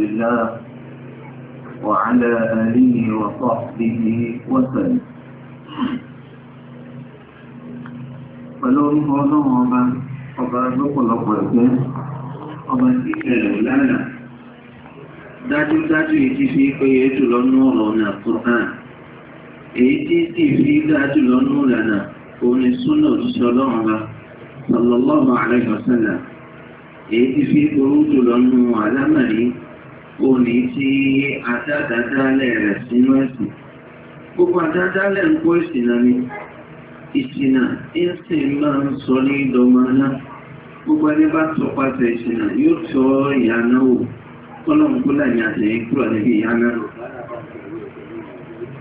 لله وعلى آله وصحبه وسلم pẹ̀lú orúkọ ọlọ́run ọba ọba lọ́pọ̀lọpọ̀ ẹ̀gbẹ́ ọba tí ẹ̀rẹ̀ lánà dájúdájú èyí fi péye jùlọ ní ọ̀nà Qur'an èyí tí sì fi dájú lọ́nà ìlànà òní súnà òṣìṣẹ́ ọlọ́run ọba sallallahu alaihi wasallam èyí tí fi gbóró jùlọ ní àlámà yìí omi tí àdádádálẹ̀ rẹ̀ sínú ẹ̀sìn. Gbogbo àdádálẹ̀ ń kó ìsìnà ni. Ìsìnà ìsìn máa ń sọ ní ìdọ́mọ náà. Gbogbo ẹni bá sọ pàṣẹ ìsìnà yóò tọ́ ìyáná wò. Kọ́lọ́mù kó láyé àtẹ̀yìn kúrò níbi ìyáná lò.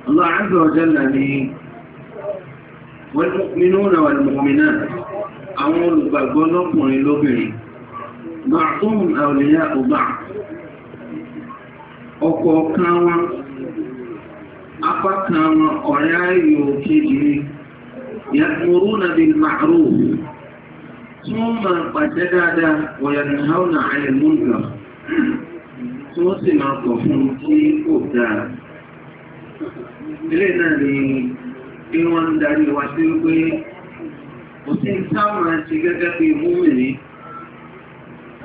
Allah azza wa jalla والمؤمنون والمؤمنات àwọn olùgbàgbọ́ lọ́kùnrin lóbìnrin. Bàtún àwòrán Ọkọ wọn apá kan wọn ọ̀rẹ́ ayò kejì ni na bil ma'ruf tí wọ́n máa pàṣẹ dáadáa wa yanhauna 'anil munkar tí wọ́n sì máa kọ̀ fún tí kò dáa. ilé náà ni bí wọ́n ń darí wa sí wípé kò sí táwọn àti gẹ́gẹ́ bí múmìnì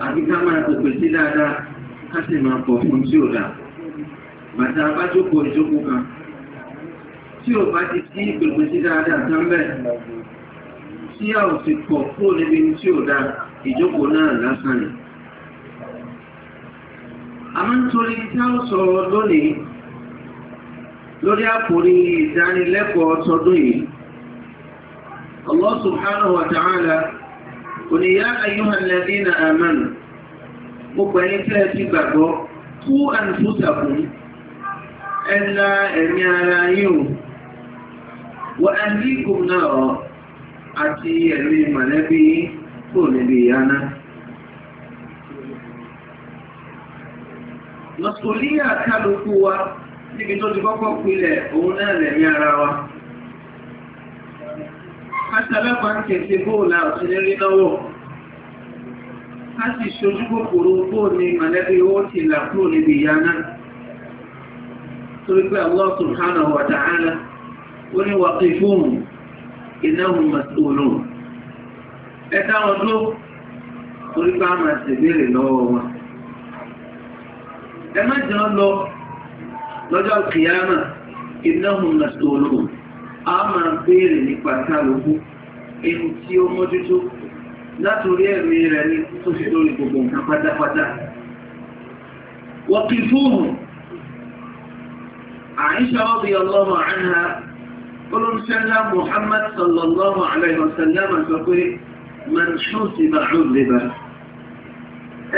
àti ká máa pèpè sí dáadáa ká sì máa bàtà abájókòó ìjókòó kan tí ò bá ti sí ìpèpè sí dáadáa tán bẹ́ẹ̀ tí a ò sì pọ̀ kúrò níbi tí ò da ìjókòó náà lásán ni. àmọ́ nítorí tí a ó sọ lónìí lórí àkòrí ìdánilẹ́kọ̀ọ́ tọdún yìí Allah subhanahu wa ta'ala kò ní yá ayyuhal ladina amanu gbogbo ẹni tẹ́ ẹ ti gbàgbọ́ kú àǹtúntàkùn ẹ̀la ẹ̀mí ara yíò wọ ẹ̀líkùn náà àti ẹ̀mí mọ̀lẹ́bí kò níbi ìyáná mọ̀sùlíyà kálukú wa níbi tó ti kọ́kọ́ pilẹ̀ òun náà lẹ̀mí ara wa kátàlápá ń kẹsẹ̀ bóòlà òsìlérí lọ́wọ́ ká sì ṣojú kòkòrò bóòlì mọ̀lẹ́bí ó ti là kúrò níbi ìyáná torí pé Allah subhanahu wa ta'ala ó ní waqifuhum innahum mas'ulun ẹ dáwọn dúró torí pé a máa ṣèbéèrè lọ́wọ́ wọn ẹ má jẹ́ lọ lọ́jọ́ kìíyàmà innahum mas'ulun a máa béèrè nípa kálukú ẹni tí ó mójútó látòrí ẹ̀mí rẹ̀ ní tó ṣe lórí gbogbo nǹkan pátápátá wọ́n kì fóònù àìṣà ọ̀bí ọlọ́mọ àìhà olùsẹ́lá muhammad sallallahu alayhi wa sallam sọ pé manṣúù ti bá rú lébà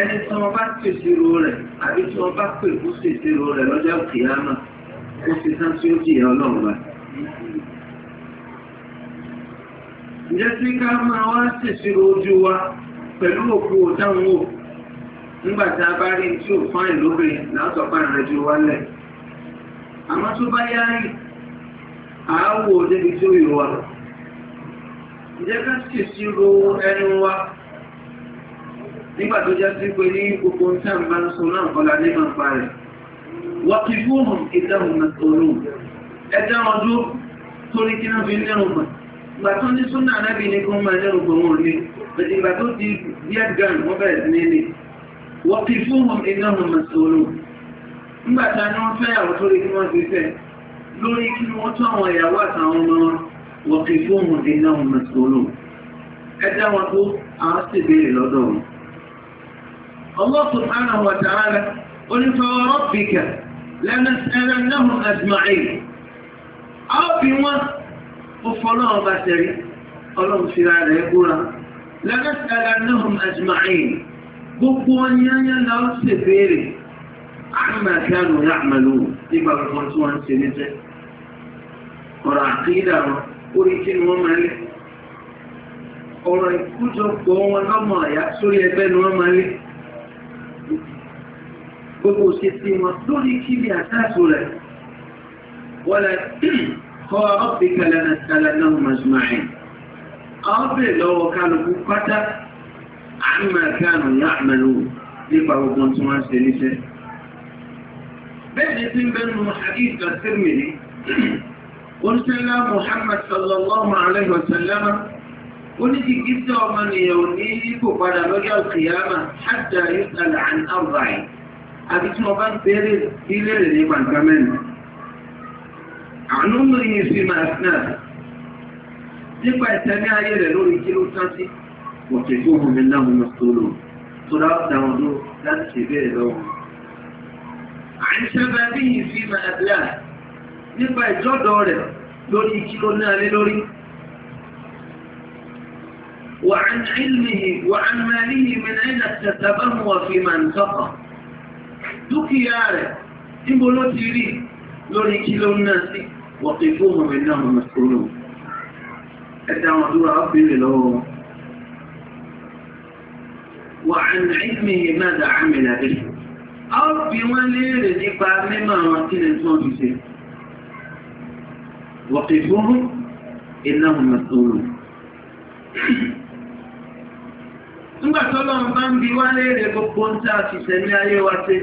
ẹni tí wọ́n bá pèsè ro rẹ̀ àbí tí wọ́n bá pè kó pèsè ro rẹ̀ lọ́jọ́ kìámà ó ti tán tí ó jìyà ọlọ́run bá. ǹjẹ́ tí ká máa wá pèsè ro ojú wa pẹ̀lú òkú òdáhùn wò nígbà tá a bá rí tí ò fáìn lóbìnrin láàtọ̀ pàrọ̀ ẹ̀jú wálẹ̀ àmọ́ tó bá yá rí àáwò débi tó ìwà ìjẹ́ká sì sí ro ẹnu wa nígbà tó já sí pé ní gbogbo tí a ń bá ń sọ náà kọ́lá ní máa pa rẹ̀ wọ́n ti fún òun ìdáhùn mẹ́tọ́lù ẹjẹ́ ọdún torí kí náà fi ń lẹ́rùn mọ̀ ìgbà tó ní kí wọ́n máa lẹ́rùn pọ̀ wọn ní ìgbà nígbàtà ní wọ́n fẹ́ àwọn tó rí kí wọ́n ti fẹ́ lórí kí wọ́n tó àwọn ìyàwó àtàwọn ọmọ wọ́n fi fóònù iná wọn mẹ́sọ̀rọ̀ ẹ dá wọn tó àwọn sì béèrè lọ́dọ̀ wọn. Allah subhanahu wa ta'ala onífọwọ́ rabbika lanas'alannahum ajma'in. a ó bí wọn ó fọlọ́run bá tẹ̀lé ọlọ́run fi ra rẹ̀ gbóra lanas'alannahum ajma'in gbogbo ọ̀nyányá la ó sì béèrè. عما كانوا يعملون يبقى الخمسون سنة ọ̀rọ̀ àkídà orí kí ni wọ́n máa lé ọ̀rọ̀ ìkójọpọ̀ wọn lọ́mọ àyà sórí ẹgbẹ́ ni wọ́n máa lé gbogbo ṣe tí wọn lórí kí ni àtàtù rẹ̀ wọ́n lẹ kọ́ ọ́pì kalẹ̀ kalẹ̀ náà màjúmáì àwọn lọ́wọ́ kálukú pátá àmì màkánù láàmẹ́lú nípa gbogbo tí wọ́n ṣe níṣẹ́ bẹ́ẹ̀ ni tí ń bẹ́ẹ̀ nù hadith at-Tirmidhi oníṣẹ́lá Muhammad sallallahu alayhi wa sallam oníṣìkí tí ọmọ nìyẹn ò ní ipò padà lọ́jọ́ al-qiyamah hatta yus'al an arba'in àti tí wọ́n bá ń bèèrè ilé rẹ̀ ní gbàgbà mẹ́rin. àánú yìí fi máa náà nípa ìtẹ́lẹ̀ ayé rẹ̀ lórí kí ló tán sí wọ̀kẹ̀ tó hùn mí náà mo sọ̀rọ̀ tó dáwọn tó láti ṣe bẹ́ẹ̀ lọ́wọ́ àìṣẹ́fẹ́ bí ìfìmọ̀ ẹ̀bíà nípa ìjọ́dọ̀ rẹ̀ lórí kí ló náà lé lórí وعن علمه وعن ماله من أين اكتسبه وفيما انفقه dúkìá rẹ̀ níbo ló ti rí lórí kí ló náà sí wọ̀kì fún ọmọ náà mọ̀sọ́lù ẹ̀dá wọn tó wà á bèèrè lọ́wọ́ wọn وعن علمه ماذا عمل به a ó bí wọ́n léèrè nípa mímọ̀ àwọn kí ni tí wọ́n fi ṣe wọ̀pẹ̀ fún iná ọmọ tó lò nígbà tó lọ́n bá ń bi wá léèrè gbogbo ń tá a fi tẹ̀lé ayé wa ṣe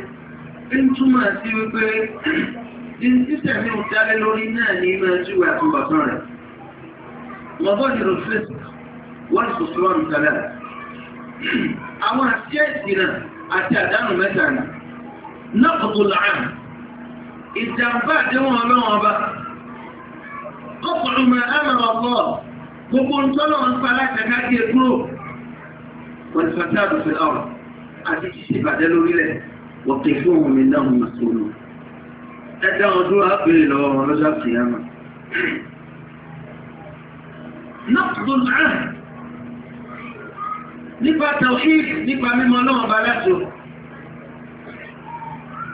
ń túmọ̀ sí wípé ìsísẹ̀ mi ò dálé lórí náà ní ìmọ̀ ẹjú wa fún bàbá rẹ̀ wọ́n bọ́ ìrò fèsì wọ́n sì sọ́ọ́ nìkan àwọn àti ẹ̀sìn náà àti àdánù mẹ́ta náà. نقض العهد ìjàmbá àdéhùn ọlọ́run ọba ọkùnrin mi àmọ̀ ọ̀pọ̀ gbogbo ntọ́nà ń pa aláṣẹ́ká gé e kúrò wọ́n ti fàtí àdùsí ọ̀rọ̀ àti ṣíṣe ìbàdẹ́ lórílẹ̀ wọ́n pè fún òun mi náà mọ̀ sólù ẹ dáhùn dúró àpèrè lọ́wọ́ wọn lọ́jọ́ àpèyàmọ̀. nọ́ọ̀tún náà nípa tàwíìf nípa mímọ́ náà ọba láti òkú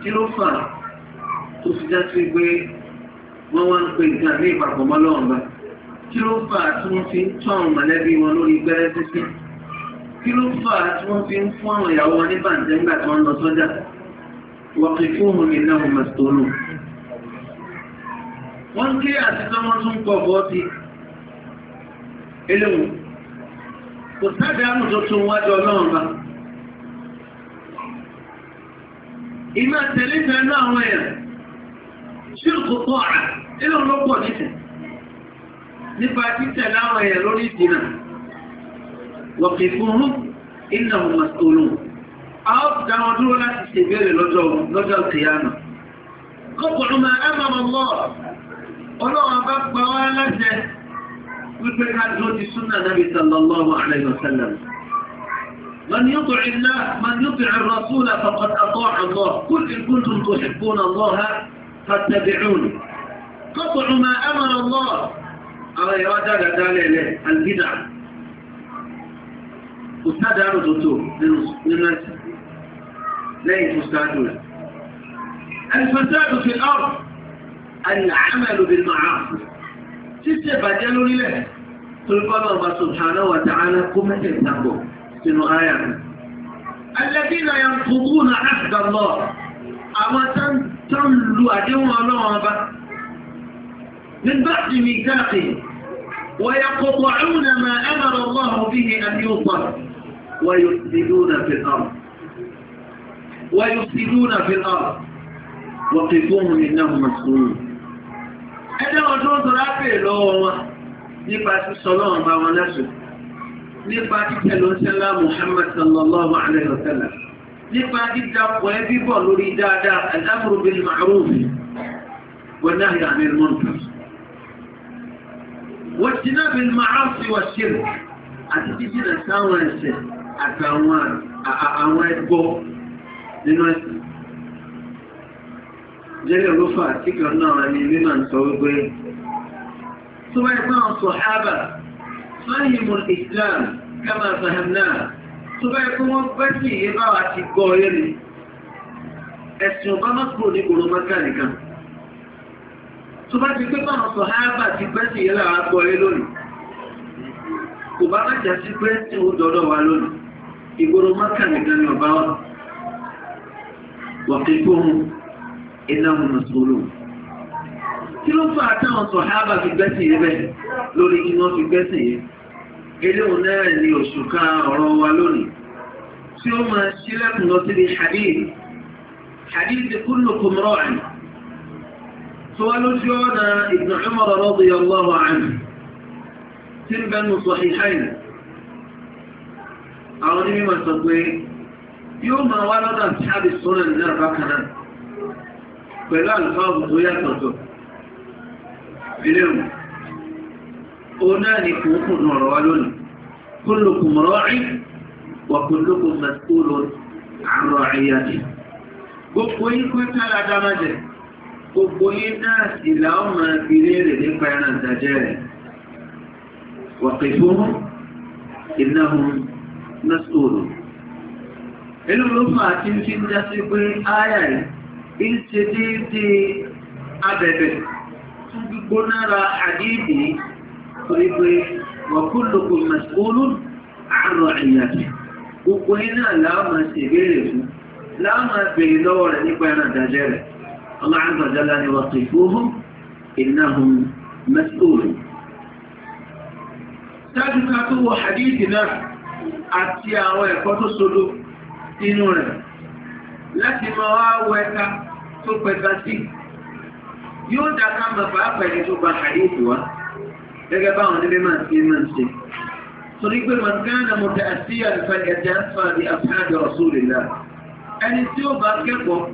kí ló fà tó fi já sí pé wọ́n wá ń pe nǹkan ní ìpapọ̀ mọ́ lọ́wọ́n bá kí ló fà tí wọ́n fi ń tọ́ àwọn mọ̀lẹ́bí wọn lórí gbẹ́rẹ́ sísí kí ló fà tí wọ́n fi ń fún àwọn ìyàwó wọn ní bàǹtẹ́ nígbà tí wọ́n lọ sọ́jà wọ́n fi fún òun nínú àwọn mọ̀sítọ́nù wọ́n ké àti tọ́mọ́ tún pọ̀ bọ́ ti eléwu kò sábẹ́ àmùtọ́ tún wájú ọlọ́run bá. ìmọ̀ tẹ̀lé fẹ́nu àwọn èèyàn ṣírùkù pọ̀ àrà nínú ló pọ̀ nítẹ̀ nípa títẹ̀ láwọn èèyàn lórí ìdìnà wọ̀kì fún un iná ọmọ tòlù a ó fi dáwọn dúró láti ṣèbéèrè lọ́jọ́ lọ́jọ́ kìíyànà kọ́kùnrin máa ẹ máa mọ̀ ọlọ́run bá pa من يطع الله من يطع الرسول فقد أطاع الله قل إن كنتم تحبون الله فاتبعوني قطع ما أمر الله على إرادة له البدع أستاذ أنا دكتور للناس لا يستاذون الفساد في الأرض العمل بالمعاصي ṣíṣe بدلوا lórílẹ̀ torí kọ́lọ̀ ọba subhanahu wa ta'ala آية الذين ينقضون عهد الله أما تنلو أدوى الله من بعد ميثاقه ويقطعون ما أمر الله به أن يوصل ويفسدون في الأرض ويفسدون في الأرض وقفوهم إنهم مسؤولون أدوى جوز رابع لهم يبقى الصلاة أبا ونسل nípa títẹ̀lé ńṣẹ́lá Muhammad sallallahu alayhi wa sallam nípa dídapọ̀ ẹbí bọ̀ lórí dáadáa al-amru bil ma'ruf wan-nahyi 'anil munkar wajtinab al-ma'asi wash-shirk àti títí nà sáwọn ẹ̀ṣẹ̀ àtàwọn àwọn ẹgbọ́ nínú ẹ̀sìn jẹ́rẹ̀ ló fà tí kan náà ní mímọ̀ sọ wípé tó bá ẹgbẹ́ àwọn sọ̀hábà fáhìmù islam kama fahimnaa tó báyìí pé wọ́n gbẹ́ sí iye báwa ti gbọ́ ọ yẹn ni ẹ̀sìn ọba má kúrò ní gbòòrò mọ́ká nìkan tó bá ti pé báwọn sọ hábà ti gbẹ́ sí iye làwọn gbọ́ ọ yẹn lónìí kò bá má jà sí pé tí ó dọ̀dọ̀ wa lónìí ìgbòòrò mọ́ká nìkan ni ọba wa wọ́n fi kó hun iná hun mùsùlùmí kí ló fà á táwọn sọ hábà fi gbẹ́ sí iye bẹ́ẹ̀ lórí kí wọ́n fi gbẹ́ sí iye bẹ́ẹ̀ eléwọ̀n náà ni oṣù kan ọ̀rọ̀ wa lónìí tí ó máa ṣílẹ̀kùn lọ síbi hadith hadith kullukum ra'in tó wá lójú ọ̀nà Ibn Umar radiyallahu anhu tí ń bẹnu sahihayn àwọn onímọ̀ sọ pé yóò máa wá lọ́dọ̀ àti sọ́nà náà bákan náà pẹ̀lú àlùfáà tó yàtọ̀ tó. Ilé òun náà ni kò kùn ọ̀rọ̀ wa lónìí kullukum ra'i wa kullukum mas'ulun 'an ra'iyatihi gbogbo yín kó kára dáná jẹ gbogbo yín náà sì làwọn máa fi léèrè nípa ẹran ìdájẹ rẹ waqifuhum innahum mas'ulun inú ló fà á tí ń sí pé ááyà yìí ń ṣe déédéé abẹ̀bẹ̀ fún gbígbónára àdéhìí sọ wípé wọ́n kú lóko mẹ́sìkólú àárọ̀ ìyàtì gbogbo iná làwọn máa ṣe ìbéèrè fún làwọn máa béèrè lọ́wọ́ rẹ̀ nípa ẹran àdájẹ́ rẹ̀ ọlọ́run àgbàdàlá ni wọ́n ti fóhùn ìnáhùn mẹ́sìkólú. Tájú ká tó wọ hadithi náà àti àwọn ẹ̀kọ́ tó sodo inú rẹ̀ láti máa wá wọ ẹ̀ka tó pẹ̀ka sí yóò dá ká mọ̀ pàápàá ẹni tó gba hadithi wá gẹ́gẹ́ báwọn níbi máa ń ṣe máa ń ṣe. torí pé wọn gánà mo tẹ àti àlùfáàjà fà ní àfáàjà ọ̀ṣun rẹ̀ náà. ẹni tí ó bá kẹ́kọ̀ọ́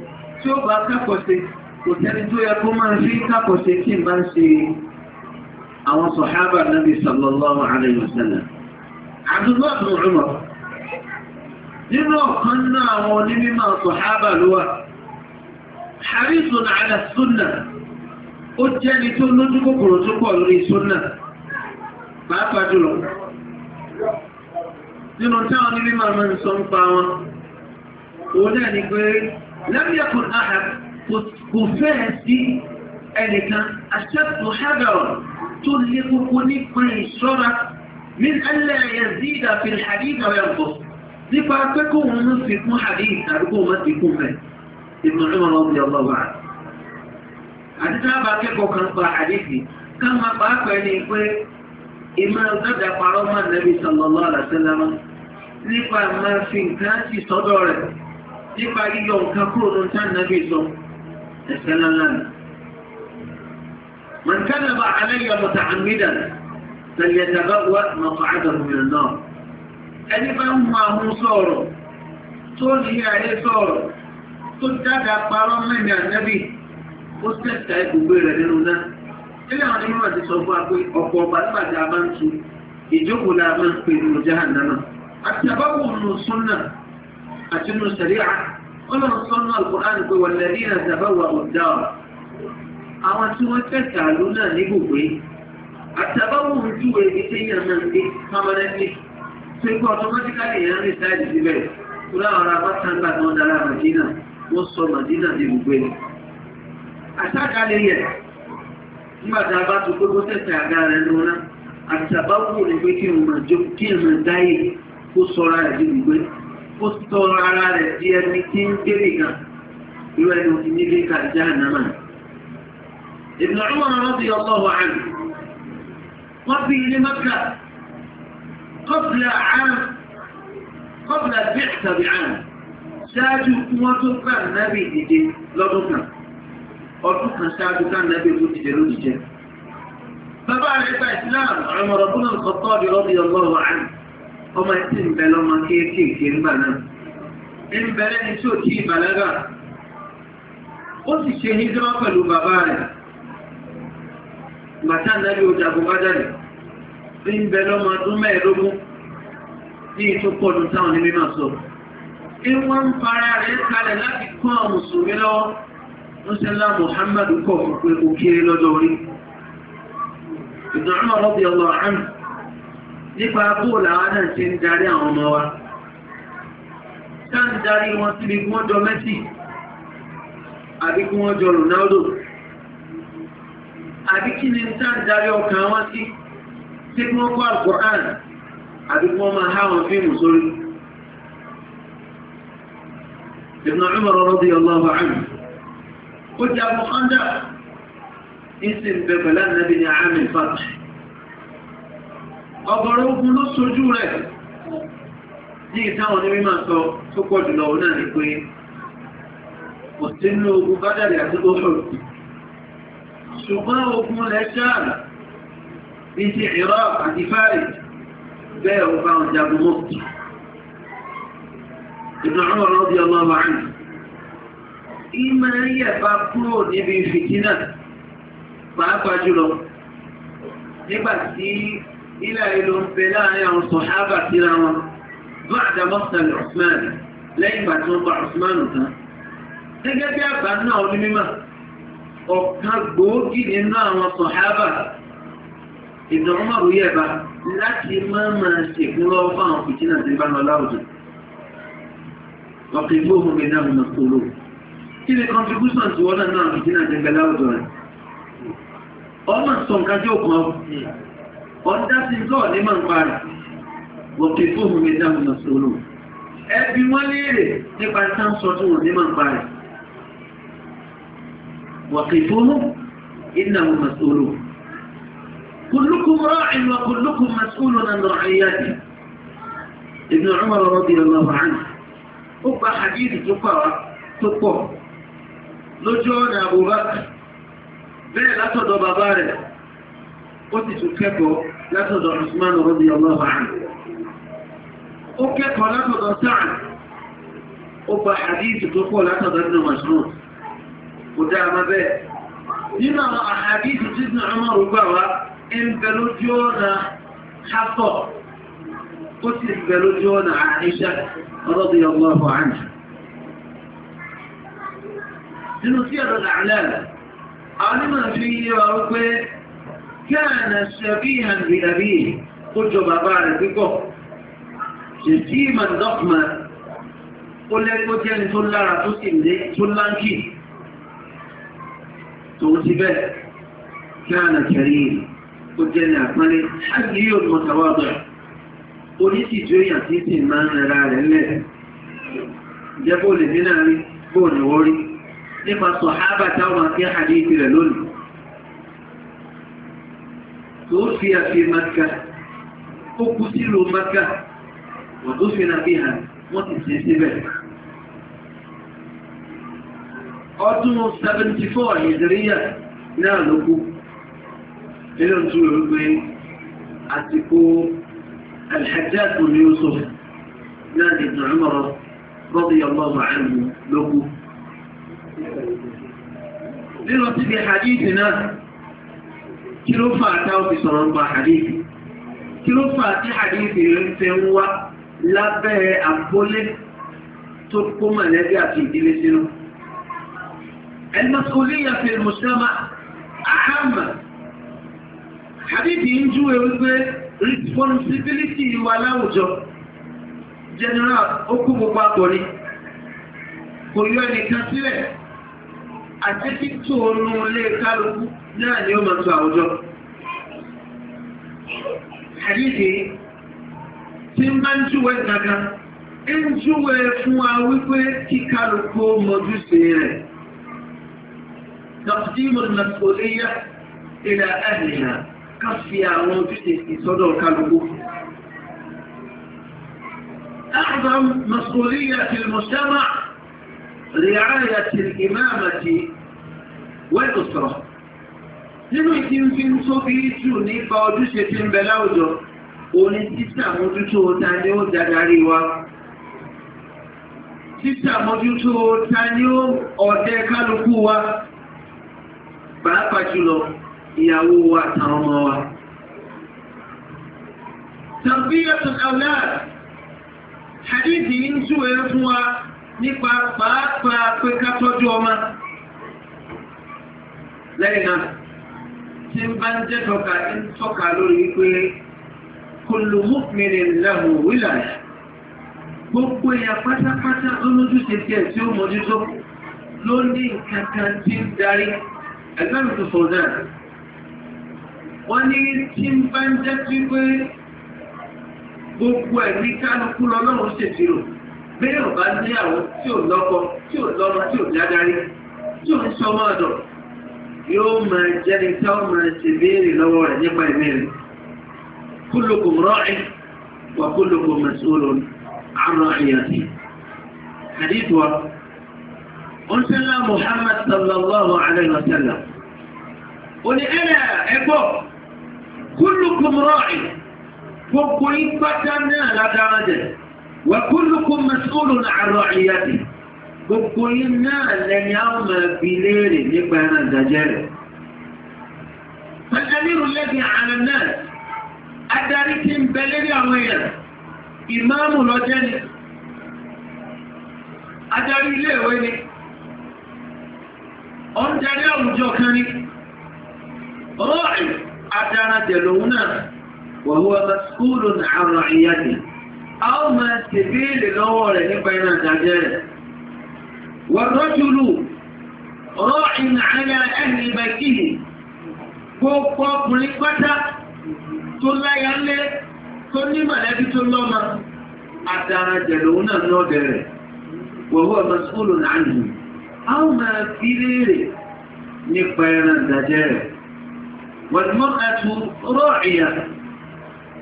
tí ó bá kẹ́kọ̀ọ́ ṣe kò tẹ́ni tó yẹ kó máa fi kẹ́kọ̀ọ́ ṣe kí n bá ń ṣe àwọn sọ̀hábà nàbì sallallahu alaihi wasallam. àdúgbò àbúrò nínú ọ̀kan náà àwọn onímọ̀ sọ̀hábà ló wà. harisun ala sunna ó jẹ́ni tó lójú kòkòrò tó pọ̀ lórí sunna. pàápàá jùlọ nínú táwọn nílé máa máa ń sọ wọn òun náà ni pé lẹ́mìẹ̀kùn àhà kò fẹ́ẹ̀ sí ẹnìkan àṣẹ́kù hẹ́bẹ̀rọ̀ tó lé kókó nípa ìṣọ́ra ní ẹlẹ́ ẹ̀yẹ̀dí ìdàfẹ́ hadith ọ̀rẹ́ ọ̀pọ̀ nípa pé kó wọn mú fi kún hadith àdúgbò wọn ti kún wọn ìmọ̀ ọ̀gádà parọ́ mọ́ nẹ́bí sallallahu alaihi wasallam nípa máa fi nǹkan sí sọ́dọ̀ rẹ̀ nípa yíyọ nǹkan kúrò ní ta nẹ́bí sọ ẹ̀sẹ̀ lánàá ni. من كذب علي متعمدا فليتبوأ مقعده من النار ẹni bá ń mọ àwọn sọ̀rọ̀ tó ní ayé sọ̀rọ̀ tó dáadáa parọ́ mẹ́rin ànẹ́bì ó tẹ̀sà ibùgbé rẹ̀ nínú náà nínú àwọn onímọ̀ ti sọ fún wa pé ọ̀pọ̀ ọ̀pá nígbà tí a bá ń tu ìjókòó la máa ń pè ní jahannama àti àbáwò nù súnà àti nù sẹ̀ríà ọlọ́run sọ́nà alukur'an pé wọ́n lẹ́rí náà àwọn tí náà ń máa ń gbé tó yẹn rí síbẹ̀ ará tó ń sọ yẹn. nígbà tá a bá tó pé kó tẹ̀sẹ̀ àga rẹ̀ lọ ná àtàbáwò ni pé kí n máa jó kí n máa dáyè kó sọra rẹ̀ di gbígbé kó sọ ara rẹ̀ di ẹni tí ń kéré gan irú ẹni òfin nílé kàjá ànámà. Ibn Umar radiyallahu anhu wọ́n fi ilé mọ́kà kọ́bìlà àrùn kọ́bìlà bíẹ̀ tàbí àrùn ṣáájú kí wọ́n tó kà nábì ìdíje lọ́dún kan ọdún kan ṣáájú ká nàbí tó ti dẹ̀rù ìjẹ. Bàbá rẹ̀ gba ìsìláàmù Umar ibn al-Khattab radiyallahu anhu. Ọmọ ẹtì ń bẹ lọ́mọ kéékèèké ńgbà náà. Ń bẹ lẹ́ni tí ò tí ì bàlágà. Ó sì ṣe hijira pẹ̀lú bàbá rẹ̀. Bàtà nàbí ọjà bùbádà rẹ̀. Ń bẹ lọ́mọ ọdún mẹ́ẹ̀ẹ́dógún. Bí ìtúpọ̀ ọdún táwọn onímọ̀ sọ. Ìwọ́n ń fara rẹ̀ kalẹ̀ láti kọ́ Mọ́sẹ́lá Muhammad kọ̀ fún pé ó kéré lọ́jọ́ orí. Ìdùnnú ọlọ́ àánú nípa bóòlù àwọn náà ṣe ń darí àwọn ọmọ wa. Ṣá ń darí wọn jọ àbí kí wọ́n jọ Ronaldo. Àbí kí ni ṣá wọn sí tí wọ́n al àbí kí wọ́n máa há wọn fíìmù Ibn radiyallahu ó jagun kọ́ńdà ìsì na bẹ pẹ̀lú ànábì ní àmì fàtì ọgọ́rọ̀ ogun ló sojú rẹ̀ ní ìtàwọn onímọ̀ sọ tó pọ̀ jùlọ òun náà ni pé kò sí nínú ogun bádàrí àti oṣòro ṣùgbọ́n ogun lẹ̀ ṣáàlà ìmọ̀ yẹ̀bá kúrò níbi fìtínà pàápàá jùlọ nígbà tí ilẹ̀ ìlú ń bẹ láàrin àwọn sọ̀hábà síra wọn bá àdámọ́sàlẹ̀ Usman lẹ́yìn ìgbà tí wọ́n pa Usman tán gẹ́gẹ́ bí àbá náà ní mímọ̀ ọ̀kan gbòógì nínú àwọn sọ̀hábà ìdánwòrò yẹ̀bá láti máa máa ṣèkúrọ̀ fáwọn fìtínà tí bá lọ láwùjọ ọ̀kẹ́ gbóhùn mi náà mọ̀ kúrò kí ni contribution tí wọ́n náà fi dínà jẹ́ pẹ̀lú rẹ̀ ọmọ sọ nǹkan tí tó ní máa ń parí wọ́n fóònù mi dáhùn lọ sí olóòwò ẹbí wọ́n léèrè nípa sáńsọ tí wọ́n ní máa ń parí wọ́n fóònù ìnáwó lọ sí olóòwò كلكم راع وكلكم مسؤول عن رعيته ابن عمر رضي الله عنه ó gba àdíyèsí tó pọ̀ lójú ọ̀nà àbúbákà bẹ́ẹ̀ látọ̀dọ̀ bàbá rẹ̀ ó ti tún kẹ́kọ̀ọ́ látọ̀dọ̀ Usman rọ́bì ọlọ́wà ó kẹ́kọ̀ọ́ látọ̀dọ̀ sáà ó gba àdíjì tó pọ̀ látọ̀dọ̀ nínú masrún kò dá a má bẹ́ẹ̀ nínú àwọn àdíjì tí ní ọmọ rúgbà wa ń bẹ lójú nínú sí ẹ̀rọ làálẹ̀ àwọn onímọ̀ fi yé wa wípé kẹ́ẹ̀nà ṣẹ̀bí hàndì àbí ó jọ bàbá rẹ̀ pípọ̀ ṣèṣí mọ̀ndọ́kùnmọ̀ ó lẹ́kọ́ jẹ́ ní tó lára tó sì lé tó láńkì tòun ti bẹ́ẹ̀ kẹ́ẹ̀nà kẹrí ó jẹ́ ní àpọ́nlé ṣáàgì yóò mọ̀tàwọ́dọ̀ oníṣìjú èèyàn tí sì máa ń rẹ̀ lẹ̀ jẹ́ bó lè ní náà rí bó ní wọ́n rí nípa sọ̀hábà táwọn máa fi hadith rẹ̀ lónìí tó fi àfi maka ó kú sílò maka wọ́n tó fi na fi hàn wọ́n ti sin síbẹ̀. ọdún 74 ìdíríyà náà ló kú nínú tí ó gbé àsìkò alhajjáàtò ní ó sọ náà ní ìdùnnú mọ́rọ̀ rọ́bì ọlọ́run àìmú ló kú. nínú títí hadithi náà kí ló fà tá ó fi sọ̀rọ̀ nípa hadithi kí ló fà tí hadithi rẹ̀ ń fẹ́ wá lábẹ́ àpólé tó kó mọ̀lẹ́bí àti ìdílé sínú. المسؤولية في المجتمع أهم hadithi ń júwe wípé responsibility wa láwùjọ general àti títù ọnù ilé kálukú náà ni ó máa tu àwùjọ. Àdídì tí ń bá ń júwe gàgà, ń júwe fún wa wípé kí kálukú mọ̀júṣe rẹ̀. Taqdimu al-mas'uliyya ila ahliha ká fi àwọn ojúṣe ìsọ́dọ̀ أعظم مسؤولية المجتمع رعاية الإمامة والأسرة nínú ìdí ń fi ń tóbi jù nípa ojúṣe tí ń bẹ láwùjọ òní títàmójútó ta ni ó dadarí wa títàmójútó ta ni ó ọ̀dẹ kálukú wa pàápàá jùlọ ìyàwó wa àtàwọn ọmọ wa. tàbí yàtọ̀ àwùlá àdídì ń túwèé fún wa nípa pàápàá pé ká tọ́jú ọmọ lẹ́yìn náà tí ń bá ń jẹ́ tọ́ka ń tọ́ka lórí pé kullu mu'minin lahu wilaya gbogbo èèyàn pátápátá lójú tètè tí ó mójútó ló ní nǹkan kan tí ń darí ẹgbẹ́ mi tó sọ̀rọ̀ náà wọ́n ní tí ń bá ń jẹ́ pé gbogbo ẹ̀mí kálukú lọ́lọ́run ṣètìrò bẹ́ẹ̀ ọ̀bá níyàwó tí ò lọ́kọ tí ò lọ́mọ tí ò dádarí tí ò ń sọmọ ọ̀dọ̀ yóò máa jẹ́ni tí ó máa ṣe béèrè lọ́wọ́ rẹ̀ nípa ìbéèrè kullukum ra'in wa kullukum mas'ulun 'an ra'iyati hadith wa ọ̀nṣẹ́lá muhammad sallallahu alayhi wa sallam ó ní ẹ̀rẹ̀ ẹ̀kọ́ kullukum ra'in gbogbo ìpátá náà lágbára jẹ́ وكلكم مسؤول عن رعيته بكلنا لن يرمى في ليل نبهنا زجر فالأمير الذي على الناس أداركم بلد أغير إمام الوجن أدار إليه ويني أنجر جوكاني راعي أدار دلونا وهو مسؤول عن رعيته a ó máa tèbí ilè lọ́wọ́ rẹ̀ nípa iná ìdájẹ́ rẹ̀. wàrọ́júlù rọ́ ìnà àyà ẹ̀hìn ìbẹ̀kìlì gbogbo ọkùnrin pátá tó láyà lé tó ní mọ̀lẹ́bí tó lọ́mọ àdára jẹ̀lẹ̀ òun náà ní ọ̀dẹ̀ rẹ̀ wọ̀wọ́ ọmọ sùkúlù náà nù. a ó máa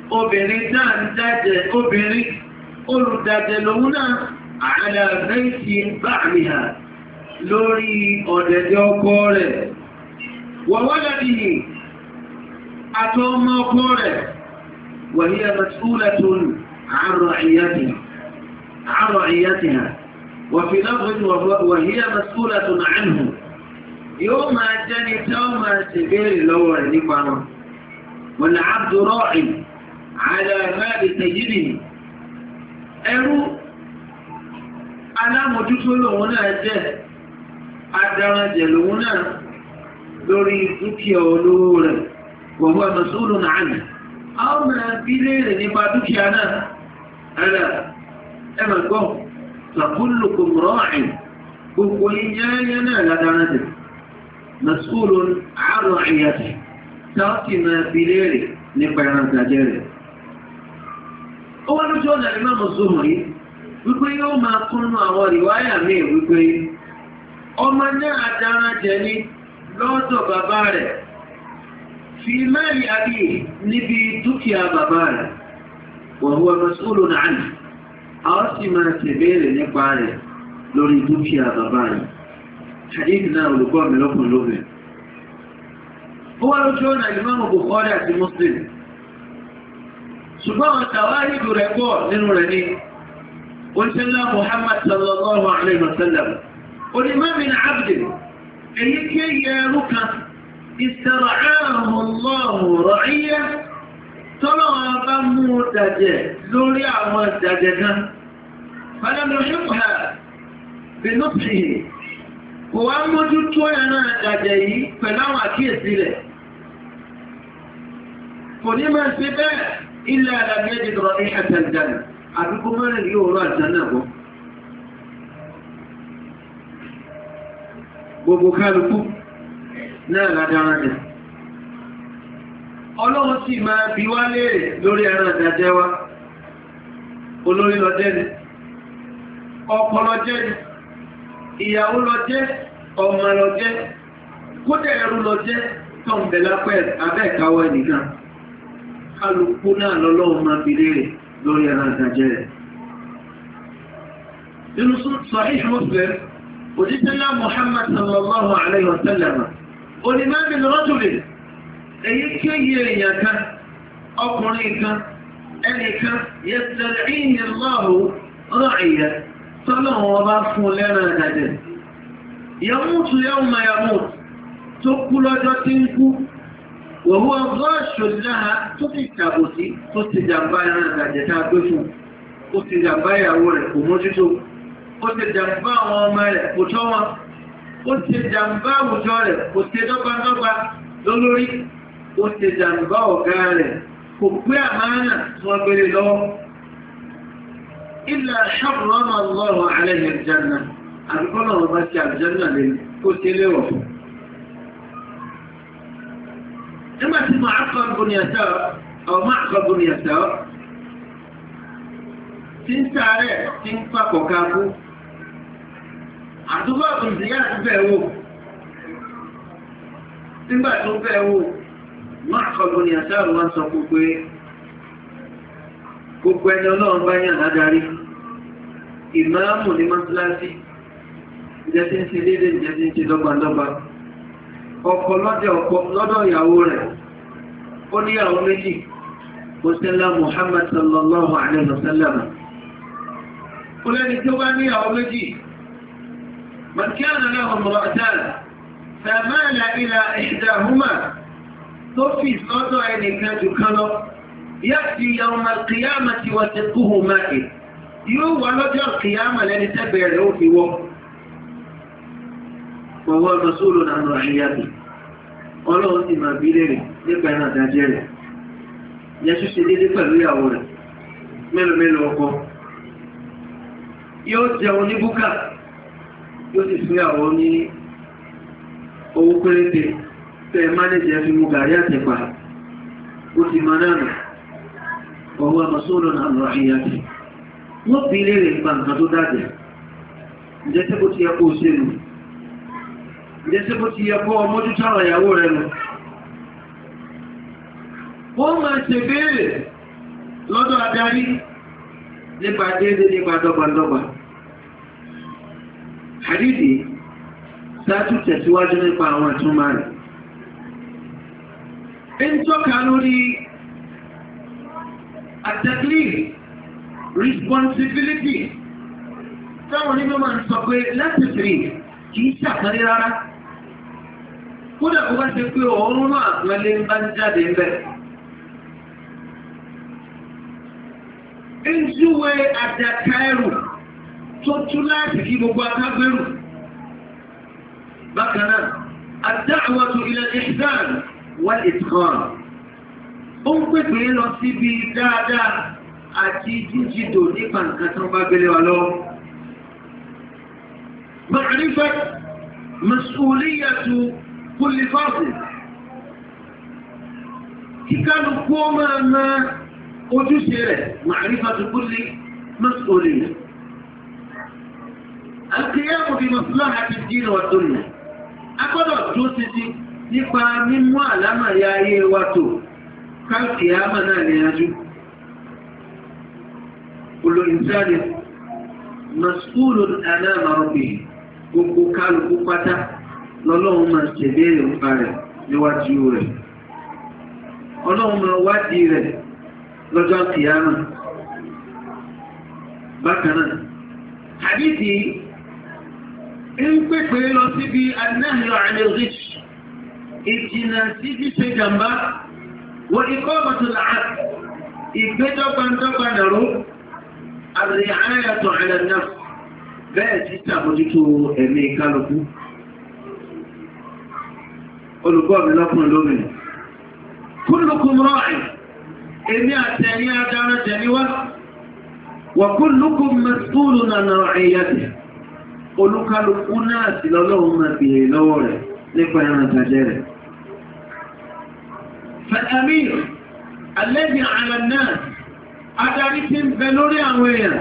obìnrin náà ń dájẹ obìnrin olùdájẹ lòun náà àlàfẹ́ ti bá mi hà lórí ọ̀dẹ̀dẹ̀ ọkọ rẹ̀ wọ̀wọ́lẹ́bí àtọ́mọ ọkọ rẹ̀ wàhí ẹ̀mẹ̀túlẹ̀tún àárọ̀ ìyàtì hà wàfí lọ́gbẹ̀ẹ́ wàhí ẹ̀mẹ̀túlẹ̀tún àánú yóò máa jẹ́ni tí ó máa ṣèbéèrè lọ́wọ́ rẹ̀ nípa wọn wọ̀nà àbdùrọ̀ àìlàmáàdì tẹ̀jìrì ẹrú alámòjútó lòun náà jẹ́ adaranjẹ̀ lòun náà lórí dúkìá olówó rẹ̀ wọ̀wọ́ mọ̀súlù nàánì a ó mẹ́rin bí léèrè nípa dúkìá náà ẹ̀rẹ̀ ẹ̀mẹ̀gbọ́ lọ́kúnlùkùn rọ́ọ̀ìn gbogbo yíyẹ́ náà ládaranjẹ̀ mọ̀súlù àárọ̀ ó wá lójú ọ̀nà ìmọ̀ mùsùlùmí wípé yóò máa kúnnú àwọn ìwáyà míì wípé ọmọ náà dára jẹ ní lọ́dọ̀ bàbá rẹ̀ fi mẹ́rin àbí níbi dúkìá bàbá rẹ̀ wọ̀n wọ́n mọ̀sùlùmí náà nì àwọn sì máa ṣèbéèrè nípa rẹ̀ lórí dúkìá bàbá rẹ̀ hadith náà olùkọ́ mi lọ́kùnrin lóbìnrin. ó lójú ọ̀nà ìmọ̀ Bukhari àti Muslim ṣùgbọ́n àwọn tàwárìdù rẹ̀ pọ̀ nínú rẹ̀ ní oníṣẹ́lá Muhammad sallallahu alayhi wa sallam onímọ̀mí ní abdi èyí kí ẹrú kan ìṣẹ̀rọ̀ ààrùn rọ̀ọ́yẹ́ tọ́lọ́ bá mú dàjẹ̀ lórí àwọn dàjẹ̀ kan fàdánù ṣùgbọ́n bínú pìhì kò wá ilẹ̀ alamẹ́jì rọ̀ ní ẹ̀sẹ̀lẹ̀dẹ̀rẹ̀ àdúgbò mẹ́rin yóò rọ àjánà bọ́ gbogbo kálukú náà ládára rẹ̀ ọlọ́run sì máa bí wá lórí lọ ọkọ lọ jẹ́ ìyàwó lọ jẹ́ ọmọ lọ jẹ́ kálukú náà lọ́lọ́run máa bèèrè rẹ̀ lórí ẹran ìdàjẹ́ rẹ̀. nínú sahih Muslim òjíṣẹ́lá Muhammad sallallahu alayhi wa sallam òní máa bèèrè rọ́jùlẹ̀ èyí kí ó yẹ èèyàn kan ọkùnrin kan ẹnì kan yẹtẹ̀rẹ̀ ìyẹn lọ́rùn rọ̀ ìyẹn tọ́lọ́run ọba fún lẹ́ran ìdàjẹ́ yàmútu yàmú tó kú lọ́jọ́ tí ń kú wọ̀húwọ́ gọ́ọ̀ṣù náà tó ti tàbòsí tó ti jàmbá ẹran ìgbàjẹta gbé fún ó ti jàmbá ìyàwó rẹ̀ kò mójútó ó ti jàmbá àwọn ọmọ rẹ̀ kò tọ́ wọn ó ti jàmbá àwùjọ rẹ̀ kò ti dọ́gbadọ́gba lólórí ó ti jàmbá ọ̀gá rẹ̀ kò pé àmàrà tí wọ́n gbélé lọ́wọ́ ilẹ̀ ṣàbùrọ̀mọ̀ lọ́rọ̀ alẹ́ ìjànà àbíkọ́nà ọba ti àjẹ́nà lè kó tẹ́lẹ̀ wọ̀ fún nígbà tí mo àkọ́ bùnìyàtọ̀ ọmọ àkọ́ bùnìyàtọ̀ tí ń sáré tí ń papọ̀ kakú àdúgbò ìdíyà ti bẹ̀ wò nígbà tó bẹ̀ wò mo àkọ́ bùnìyàtọ̀ wọn sọ gbogbo gbogbo ẹni ọlọ́run bá yàn ládarí ìmáàmù ní mọ́tíláṣí ìjẹ́ ń ṣe déédéé ìjẹ́ ń ṣe dọ́gbandọ́gba ọkọ lọ́dọ̀ ìyàwó rẹ̀ ó ní ìyàwó méjì kò sẹ́lá Muhammad sallallahu alayhi wa sallam ó lẹ́ni tó bá ní ìyàwó méjì من كان له امرأتان فمال إلى إحداهما توفي صدر أن يكاد كلو يأتي يوم القيامة وتلقه مائل يو ولد القيامة لن تبعه في وقت fọwọ́ rọ́súlù nánú àríyàtì ọlọ́run ti máa bí lèrè nípa ẹran àdájẹ́ rẹ̀ yẹsù ṣe dédé pẹ̀lú ìyàwó rẹ̀ mélòó mélòó ọkọ yóò jẹun ní yóò sì fún ìyàwó ní owó péréte mánéjì ẹ fi gàrí ó ti máa náà ọwọ́ rọ́súlù nánú wọ́n nípa nǹkan tó dájẹ́ ǹjẹ́ tí kò ti yẹ kó o ṣe nù jẹ́ sí bó ti yẹ kọ́ ọmọ jújọ́ àwọn ìyàwó rẹ̀ nù wọ́n máa ṣe béèrè lọ́dọ̀ adarí nípa déédéé nípa dọ́gbandọ́gba àdídì sáájú tẹ̀síwájú nípa àwọn àtúmọ̀ rẹ̀ ń tọ́ka lórí àtẹ́kìlì responsibility táwọn onímọ̀ máa ń sọ pé láti fìrì kì í rárá kódà kó bá ti pé ọ̀run náà àpẹẹlẹ ń bá ń jáde ńbẹ. ń júwe àdàkà ẹrù tó tú láti kí gbogbo akágbérù. bákan náà ad-da'watu ila al-ihsan wal-itqan. ó ń pèpè lọ síbi dáadáa àti jíjìdò nípa nǹkan tó bá gbélé wa lọ. معرفة مسؤولية كل فرد كانوا كوما ما أجسر معرفة كل مسؤولية القيام بمصلحة الدين والدنيا أقدر جوسسي nípa mímú àlámà ya ayé wa tó káàkì àmà náà ní ajú olóyìnsáre masúlùn aláàmà rọ̀bì lọ́lọ́run máa ṣèlérí nípa rẹ̀ níwájú rẹ̀ ọlọ́run máa wádìí rẹ̀ lọ́jọ́ kìíyàmù bákan náà ń pèpè lọ síbi anáhìlọ àlèrich ìjìnà sí ṣíṣe jàmbá wọ ikọ́ bàtùlà ìgbẹ́dọ́gbandọ́gba nàró na bẹ́ẹ̀ títà mójútó ẹ̀mí kálukú. olùkọ́ mi lọ́kùnrin lómìnì kullukum ra'in èmi àtẹ̀rí adára tẹ̀rí wá wa kullukum mas'ulun an ra'iyyatihi olúkálukú náà sí lọ́lọ́run máa bèèrè lọ́wọ́ rẹ̀ nípa ẹran tàjẹ́ rẹ̀ fa'amir alladhi 'ala an-nas adarí tí ń bẹ lórí àwọn èèyàn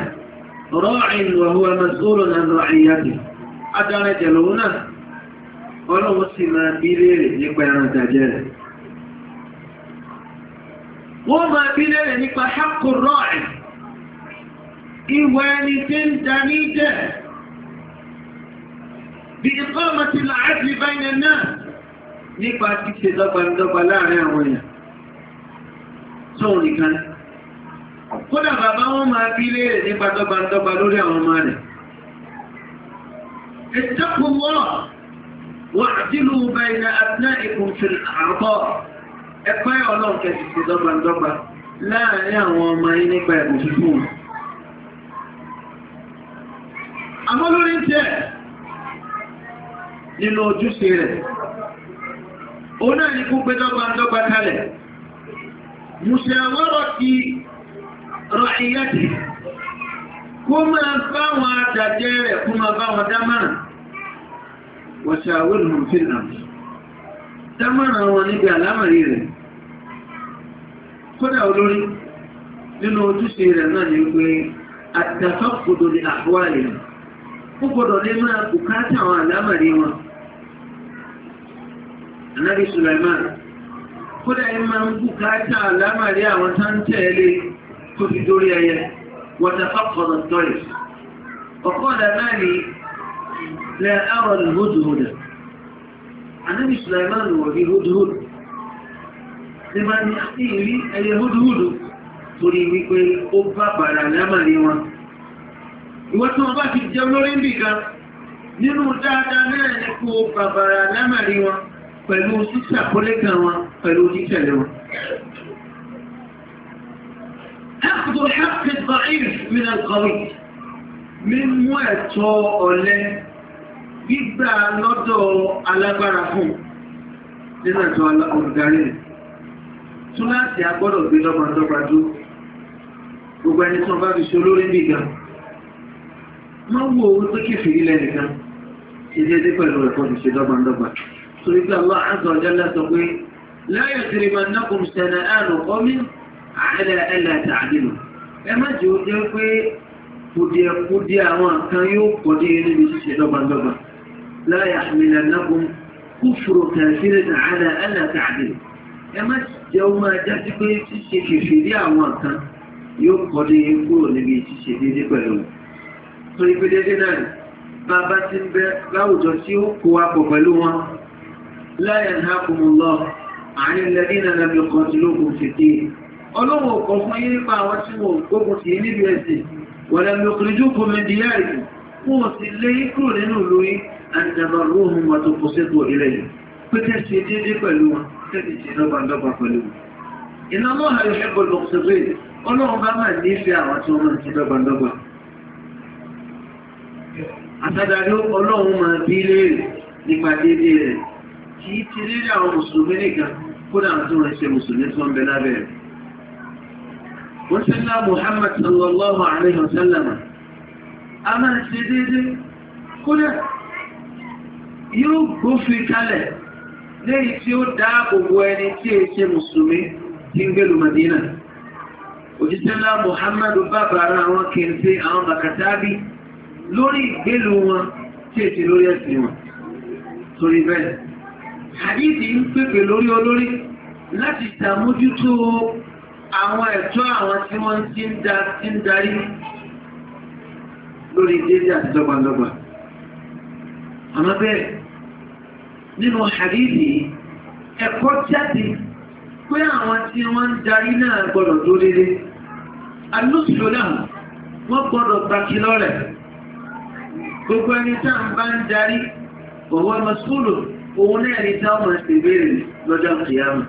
ra'in wa huwa mas'ulun an ra'iyyatihi adára tẹ̀lọ́wọ́ náà ọlọ́run sì máa bí léèrè nípa ẹran ìtàjẹ rẹ̀ wọ́n máa bí léèrè nípa ṣàkóró ẹ̀ ìwà ẹni tí ń dání jẹ́ bí ìkọ́mọ̀ ti làásì báyìí náà nípa ṣíṣe dọ́gbandọ́gba láàrin àwọn èèyàn tóun nìkan kódà bàbá wọn máa bí léèrè nípa dọ́gbandọ́gba lórí àwọn ọmọ rẹ̀ ìtẹ́kùn wọ́n واعدلوا بين أبنائكم في الأعضاء ẹ̀kọ́ ọlọ́run kẹsì sí dọ́gbandọ́gba láàrin àwọn ọmọ yìí nípa ẹ̀bùn fífún wọn. àmọ́ lórí jẹ́ nínú náà ní kú pé dọ́gbandọ́gba kalẹ̀ mùsùlùmọ́rọ̀ وشاورهم في الأمر dámọ̀ràn wọn níbi àlámọ̀rí rẹ̀ kódà olórí nínú ojúṣe rẹ̀ náà ni pé àtàfà gbọdọ̀ ní àbúwálì rẹ̀ ó gbọdọ̀ lé máa bùkátà àwọn àlámọ̀rí wọn. Ànábì Sulaiman kódà yìí máa ń bùkátà àlámọ̀rí àwọn tó ń tẹ̀lé tó fi dórí ẹyẹ wọ́n tàfà kọ̀ọ̀dọ̀ tọ́lẹ̀. ọ̀pọ̀ ọ̀dà náà ni لا أرى الهدهد النبي سليمان وفي هدهد لما نحكيه لي الهدهد torí wípé ó bá bàrà lámàrí wọn ìwọ́n tí wọ́n bá ti jẹun lórí nìkan nínú dáadáa náà ní kó bá bàrà lámàrí wọn pẹ̀lú sísàkólékan wọn pẹ̀lú títẹ̀lé wọn أخذ حق الضعيف من القوي من وقت أولئك gbígbà lọ́dọ̀ alágbára fún nínú ẹ̀tọ́ olùdarí rẹ̀ tún láti agbọ́dọ̀ gbé lọ́mọ lọ́gbàdú gbogbo ẹni tí wọ́n bá fi ṣe olórí bí gan wọ́n wo owó tó kìfì ilẹ̀ nìkan ṣe déédé pẹ̀lú ẹ̀kọ́ ti ṣe lọ́mọ lọ́gbà torí pé Allah azza wa jalla sọ pé la yajrimannakum shana'anu qawmin ala alla ta'dilu ẹ má jẹ́ pé kùdìẹ̀kùdìẹ̀ àwọn kan yóò kọ́ dé níbi ṣíṣe lọ́gbàdọ́gbà لا يحملنكم كفر كافر على ألا تعدل ẹmọ́ jẹ́ ọmọ ajá tí pé ṣíṣe kìfì rí àwọn kan yóò kọ́dé kúrò níbi ṣíṣe déédéé pẹ̀lú tó ibi déédéé náà rí bàbá ti ń bẹ láwùjọ tí ó kó wa pọ̀ pẹ̀lú wọn لا ينهاكم الله عن الذين لم يقاتلوكم في الدين ọlọ́wọ́ kọ̀ fún yín nípa àwọn tí wọ́n gbógun sí níbi ẹ̀sìn ولم يخرجوكم من دياركم fún òsì lé kúrò nínú ìlú yìí àtẹ̀bọ̀rúhùn wọn tó kó sétò ilẹ̀ yìí pé kẹ́ ṣe déédéé pẹ̀lú wọn kẹ́kì ṣe lọ́gbàndọ́gba pẹ̀lú wọn. iná lọ́ha yóò ṣe gbọdọ̀ ṣẹ̀fẹ̀ ọlọ́run bá máa nífẹ̀ẹ́ àwọn tí wọ́n máa ṣe lọ́gbàndọ́gba. àtàdàrí ọlọ́run máa bí léèrè nípa déédéé rẹ̀ kì í ti léèrè àwọn mùsùlùmí nìkan kódà àwọn tí wọ́n ṣe mùsùlùmí tó ń bẹ lábẹ́ rẹ̀. wọ́n ṣe ńlá Muhammad sallallahu alayhi wa sallam a máa ṣe déédéé kódà yóò gbófin kalẹ̀ lẹ́yìn tí ó dáàbò bo ẹni tí è ṣe mùsùlùmí Madina òjíṣẹ́ ńlá Muhammadu bàbára àwọn kẹntẹ àwọn bàkàtàbí lórí wọn tí è ṣe lórí ẹ̀sìn wọn torí bẹ́ẹ̀ ń pèpè lórí olórí láti ṣàmójútó àwọn ẹ̀tọ́ àwọn tí wọ́n ti ń darí lórí àti nínú hadithi ẹ̀kọ́ jáde pé àwọn tí wọ́n ń darí náà gbọ́dọ̀ tó dédé alóṣèlú náà wọ́n gbọ́dọ̀ pàkí lọ́rẹ̀ gbogbo ẹni tá à ń bá ń darí òwò ọmọ sùúrù òun náà ní tá ọmọ ìbéèrè lọ́jọ́ kìyàmù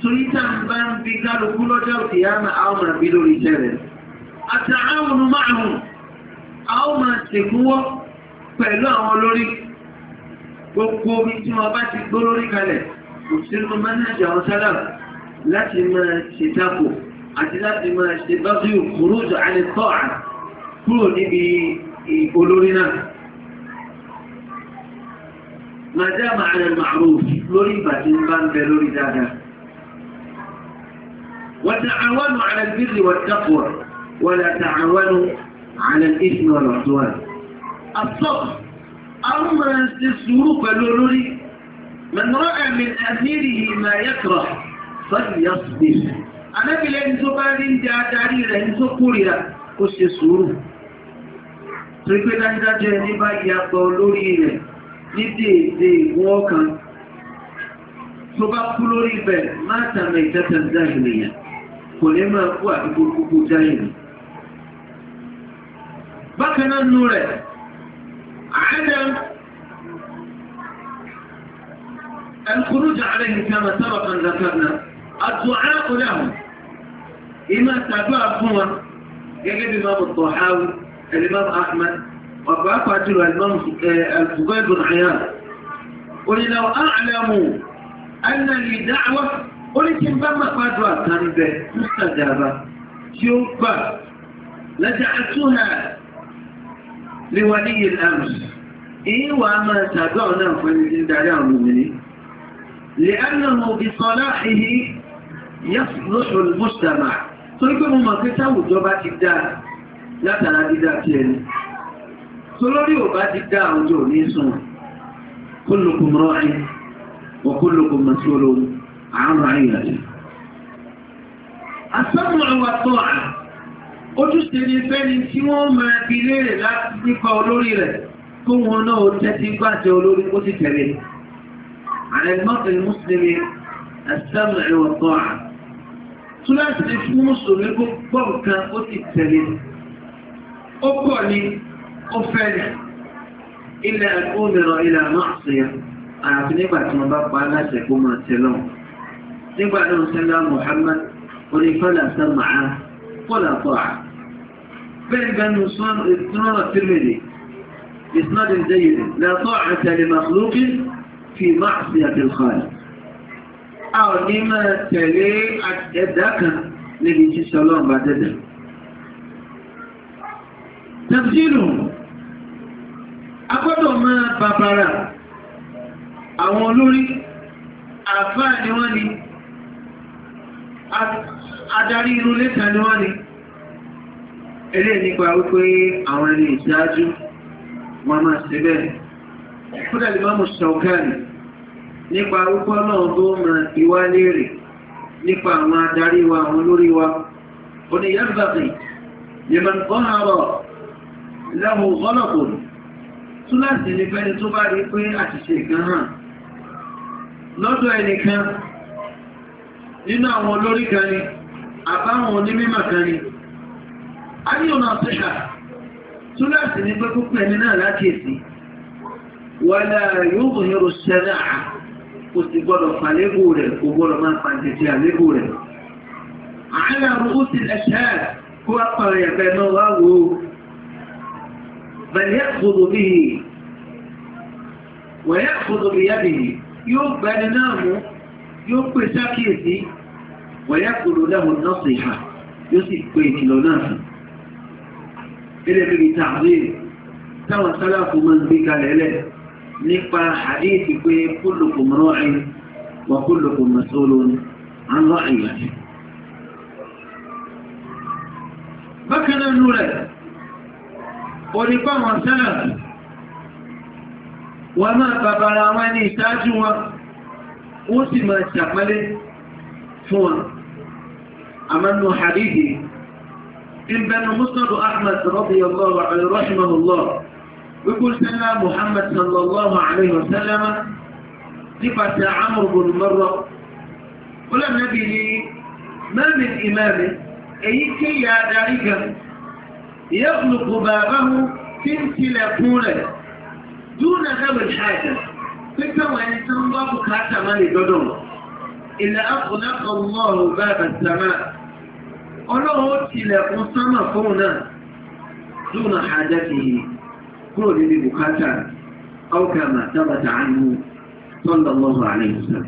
torí tá à ń bá ń bi kálukú lọ́jọ́ kìyàmù àwọn ọmọ ìbí lórí iṣẹ́ rẹ̀ àtàwọn ọmọ márùn-ún àwọn ọmọ ìsìnkú wọ́ pẹ̀lú àwọn olórí gbogbo omi tí wọ́n bá ti gbó lórí kalẹ̀ kò sínú mẹ́nẹ́jì àwọn sálà láti máa ṣe tako àti láti máa ṣe bábíù kúrúùtù àlẹ́kọ́ à kúrò níbi olórí náà. Màdá màálẹ̀ màrú lórí ìgbà tí ń bá ń bẹ lórí dáadáa. وتعاونوا على البر والتقوى ولا تعاونوا على الإثم والعدوان الصبر àwọn máa ń ṣe sùúrù pẹ̀lú olórí mẹ̀nàrọ́ ẹ̀mí ẹ̀mírì ìmọ̀ ẹ̀yẹ́kọ̀rọ̀ sọ́ọ̀dì yọ̀sùdì anábìlẹ̀ ní tó bá rí ń di ní tó kórìíra kó ko ya rẹ̀ ní dèédé ìwọ́n ọkàn tó bá kú lórí ibẹ̀ má tàmì ìtẹ́tẹ̀ dáìlìyàn kò ní máa kú gbogbo nú rẹ̀ عدم الخروج عليه كما سبقا ذكرنا الدعاء لهم إما سبب هو يجب إمام الطحاوي الإمام أحمد وفاقه الإمام الفضيل بن حيان قل لو أعلموا أن لي دعوة قل تنبم قدوة به مستجابة شوفا لجعلتها léwádìí yìí àmì èyí wà á máa tàbí àwọn náà fún ẹni tí ń darí àwọn obìnrin lè ánàmù ìsọlá ìhí yẹ́sùlóṣù mùsùlùmá torí pé mo mọ̀ pé táwùjọ bá ti dáa látara dídá tí ẹni tó lórí ò bá ti dáa àwùjọ ní sùn kúlùkùn rọ́ọ̀ẹ́ ọ̀kúlùkùn mọ̀síwòlò àárọ̀ ayé rẹ̀ ojúṣe ni fẹ́ni tí wọ́n máa fi léèrè láti nípa olórí rẹ̀ kó wọn náà ó tẹ́tí gbàjẹ́ olórí kó sì tẹ̀lé. àrẹ̀gbọ́n mùsùlùmí ẹ̀sẹ̀mù ẹ̀wọ̀n kan à. túláàsì ni fún mùsùlùmí kó gbọ́ nǹkan ó sì tẹ̀lé. ó pọ̀ ni ilẹ̀ òmìnira àyàfi nígbà tí wọ́n bá pa á láti máa tẹ̀ nígbà náà sẹ́lá Muhammad onífẹ́lẹ̀ sẹ́mù àá kọ́lá tó àá. بلغ أنه صنع الترمذي إسناد جيد لا طاعة لمخلوق في معصية الخالق أو لما تلي أددك لبيت سلام بعد ذلك تفجيره أقدر ما بابارا àwọn olórí àfáà ni wọ́n ni eré nípa wípé àwọn ẹni ìdájú wọn máa ṣe bẹ́ẹ̀ kódà lè má mú ṣọ̀kẹ́ni nípa wípé ọlọ́run tó máa fi léèrè nípa àwọn adarí wa àwọn olórí wa oníyàgbàgbé lè máa kọ́ àrọ̀ lẹ́hùn ọlọ́pọ̀ túláàsì fẹ́ni tó bá rí pé àṣìṣe kan hàn lọ́dọ̀ ẹnìkan nínú àwọn olórí kan ni àbáwọn onímọ̀ kan ni a ní ọ̀nà àtẹ́ṣà túláàsì ní pẹ́ púpọ̀ ẹni náà lákèsí wàlá yóò bò yọrọ ṣẹlẹ̀ à kò sì gbọ́dọ̀ fàlẹ́gò rẹ̀ kò gbọ́dọ̀ máa pàǹtẹ̀tẹ̀ àlẹ́gò rẹ̀ àhàlà rúkú ti ẹ̀ṣẹ́ kó wá pàrọ̀ ẹ̀fẹ́ náà wá wò ó bẹ̀rẹ̀ yàtọ̀ bíi wẹ̀yà fòdò ìyáde yìí yóò gbẹni náà mú yóò pè sákìyèsí wẹ̀yà fòdò lẹ́hùn náà sì hà yóò sì pè ìkìlọ̀ náà fún un. gẹ́gẹ́ bí tààrin táwọn sálàfù máa ń gbé kalẹ̀ lẹ̀ nípa hadith pé kullukum ra'in wa kullukum mas'ulun an ra'iyatihi. bákan náà nù rẹ̀ onípa wọn sálàfù wọn máa bàbára wọn ní ìṣáájú wọn wọ́n sì máa ṣàpálẹ̀ fún wọn. àmọ́ nù hadith إن بنى مسند أحمد رضي الله عنه رحمه الله ويقول سنة محمد صلى الله عليه وسلم صفة عمرو بن مرة قل النبي ما من إمام أي كي ذلك يغلق بابه تمثل كونه دون غير الحاجة فكما ينسان بابك حتى ما لقدره إلا أغلق الله باب السماء ọlọ́run ó tilẹ̀kùn sánmà fóun náà lónà àjá ti kúrò níbi bùkátà ọkàmà tábàtà àánú tọ́lọ̀ lọ́wọ́ àlẹ́ ìsìn.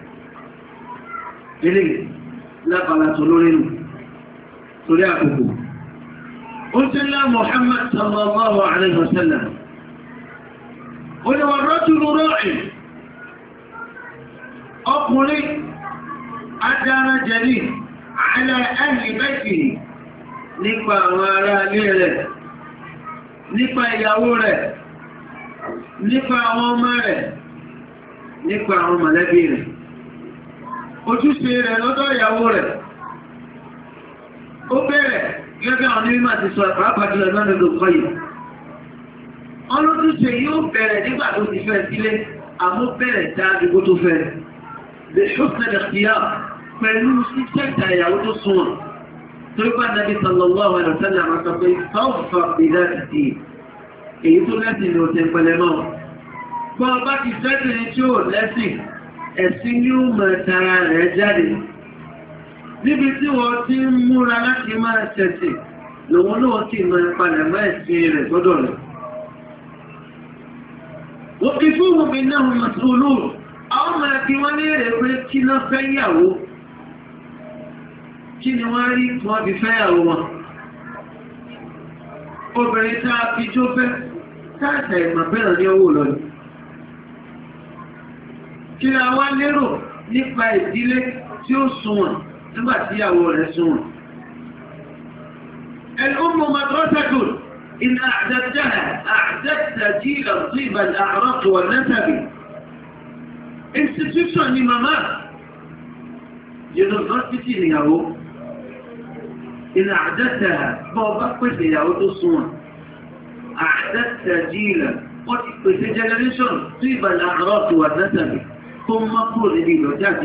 ilé lápàlá tó lórí nù torí àkókò. ó ti ńlá Muhammad sallallahu alaihi wasallam. ó ní wọn rọ́tù rọ́ọ̀ì ọkùnrin adára jẹ̀rí àlà ẹ̀rì bẹ́ẹ̀kì nípa àwọn ará ilé rẹ̀ nípa ìyàwó rẹ̀ nípa àwọn ọmọ rẹ̀ nípa àwọn mọ̀lẹ́bí rẹ̀ ojúṣe rẹ̀ lọ́dọ̀ ìyàwó rẹ̀ ó bẹ̀rẹ̀ gẹ́gẹ́ àwọn onímọ̀ ti sọ pàápàá jùlọ lọ́nà olùkọ́ yìí pẹ̀lú sísẹ́ta ìyàwó tó sunwọ̀n tó bá nàbí sallallahu alaihi wasallam àmàkà pé sọ́ọ̀fà ìdá ìdí èyí tó lẹ́sìn ní òtẹ̀ pẹ̀lẹ́ náà bọ́n bá ti fẹ́sìn tí ó lẹ́sìn ẹ̀sìn máa ẹ̀sìn rẹ̀ gbọ́dọ̀ rẹ̀ wọ́n fi fún òun fi tó lóòrùn àwọn ọmọ ẹ̀kí wọ́n ní èrè pé kí náà fẹ́ yàwó kí ni wọ́n rí wọ́n fi fẹ́ ẹ̀rọ wọn obìnrin tá a fi jó fẹ́ táàtà ìmọ̀ bẹ́ẹ̀ ní owó lọ kí ni a wá lérò nípa ìdílé tí ó sunwọ̀n nígbà tí ìyàwó rẹ̀ sunwọ̀n الأم مدرسة إن أعددتها أعددت جيلا طيبا الأعراق والنسب institution ni mama university ni ìyàwó إن أعددتها بابا قلت ya وتصون أعددت جيلا قلت جنريشن طيب الأعراض والنسب ثم قل لي لو جات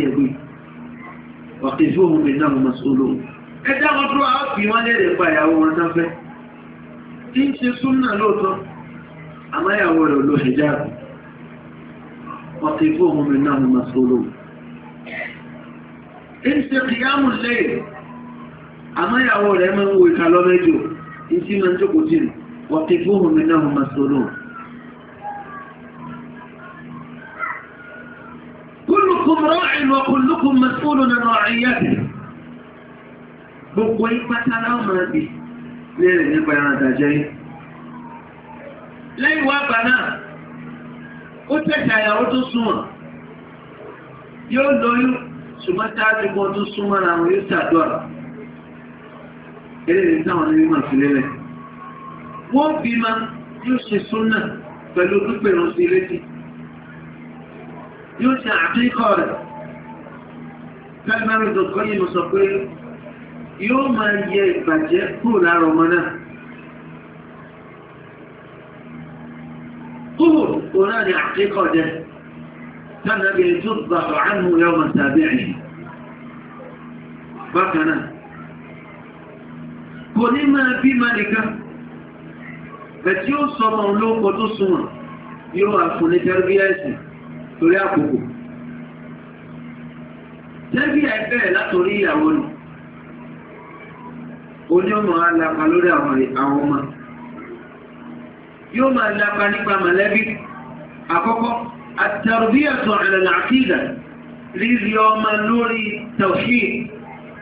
وقفوهم إنهم مسؤولون ẹjá wọn tó àwọn fi wọn léèrè pa ìyàwó wọn náà fẹ́ kí n ṣe súnmọ́ lóòótọ́ àmọ́ ìyàwó rẹ̀ ló àmọ́ ìyàwó rẹ̀ máa ń wo ìka lọ́mẹ́jọ ìtí máa ń jókòó tì wọ́pẹ́ fóònù mi náà máa sọ̀rọ̀. kúlùkùn rọ́ọ̀ìn wọ kúlùkùn nínú àríyá gbogbo ìpátá náà máa bì lẹ́rìn nípa ẹran àtàjẹ́ lẹ́yìn wá gbà náà ó tẹ̀sẹ̀ àyàwó tó súnmọ́ yóò lóyún ṣùgbọ́n eléyìí táwọn ní mímọ̀ sí lélẹ̀ wọ́n bí ma yóò ṣe súnà pẹ̀lú pípẹ̀rún sí létí yóò ṣe àkíkọ̀ rẹ̀ kálíbárò dọ̀kọ́ yìí mo sọ pé yóò máa yẹ ìbàjẹ́ kúrò lára ọmọ náà kúrò òun náà ni àkíkọ̀ jẹ́ tánàbí tó gbàgbọ́ àánú yọmọ tàbí ẹ̀yìn bákan náà kò ní máa bí ma nìkan bẹ̀tí ó sọmọ olóko tó súnmọ̀ yóò àfún ní tẹ́rẹ́bíẹ́sì torí àkókò tẹ́rẹ́bíẹ́ bẹ́ẹ̀ látòrí ìyàwó nù onímọ̀ alapa lórí àwọn ọmọ yóò máa lapa nípa mọ̀lẹ́bí àkọ́kọ́ àtẹ̀rẹ́bíẹ́sì ọ̀rẹ́lẹ̀ làkìdà rírí ọmọ lórí tawhid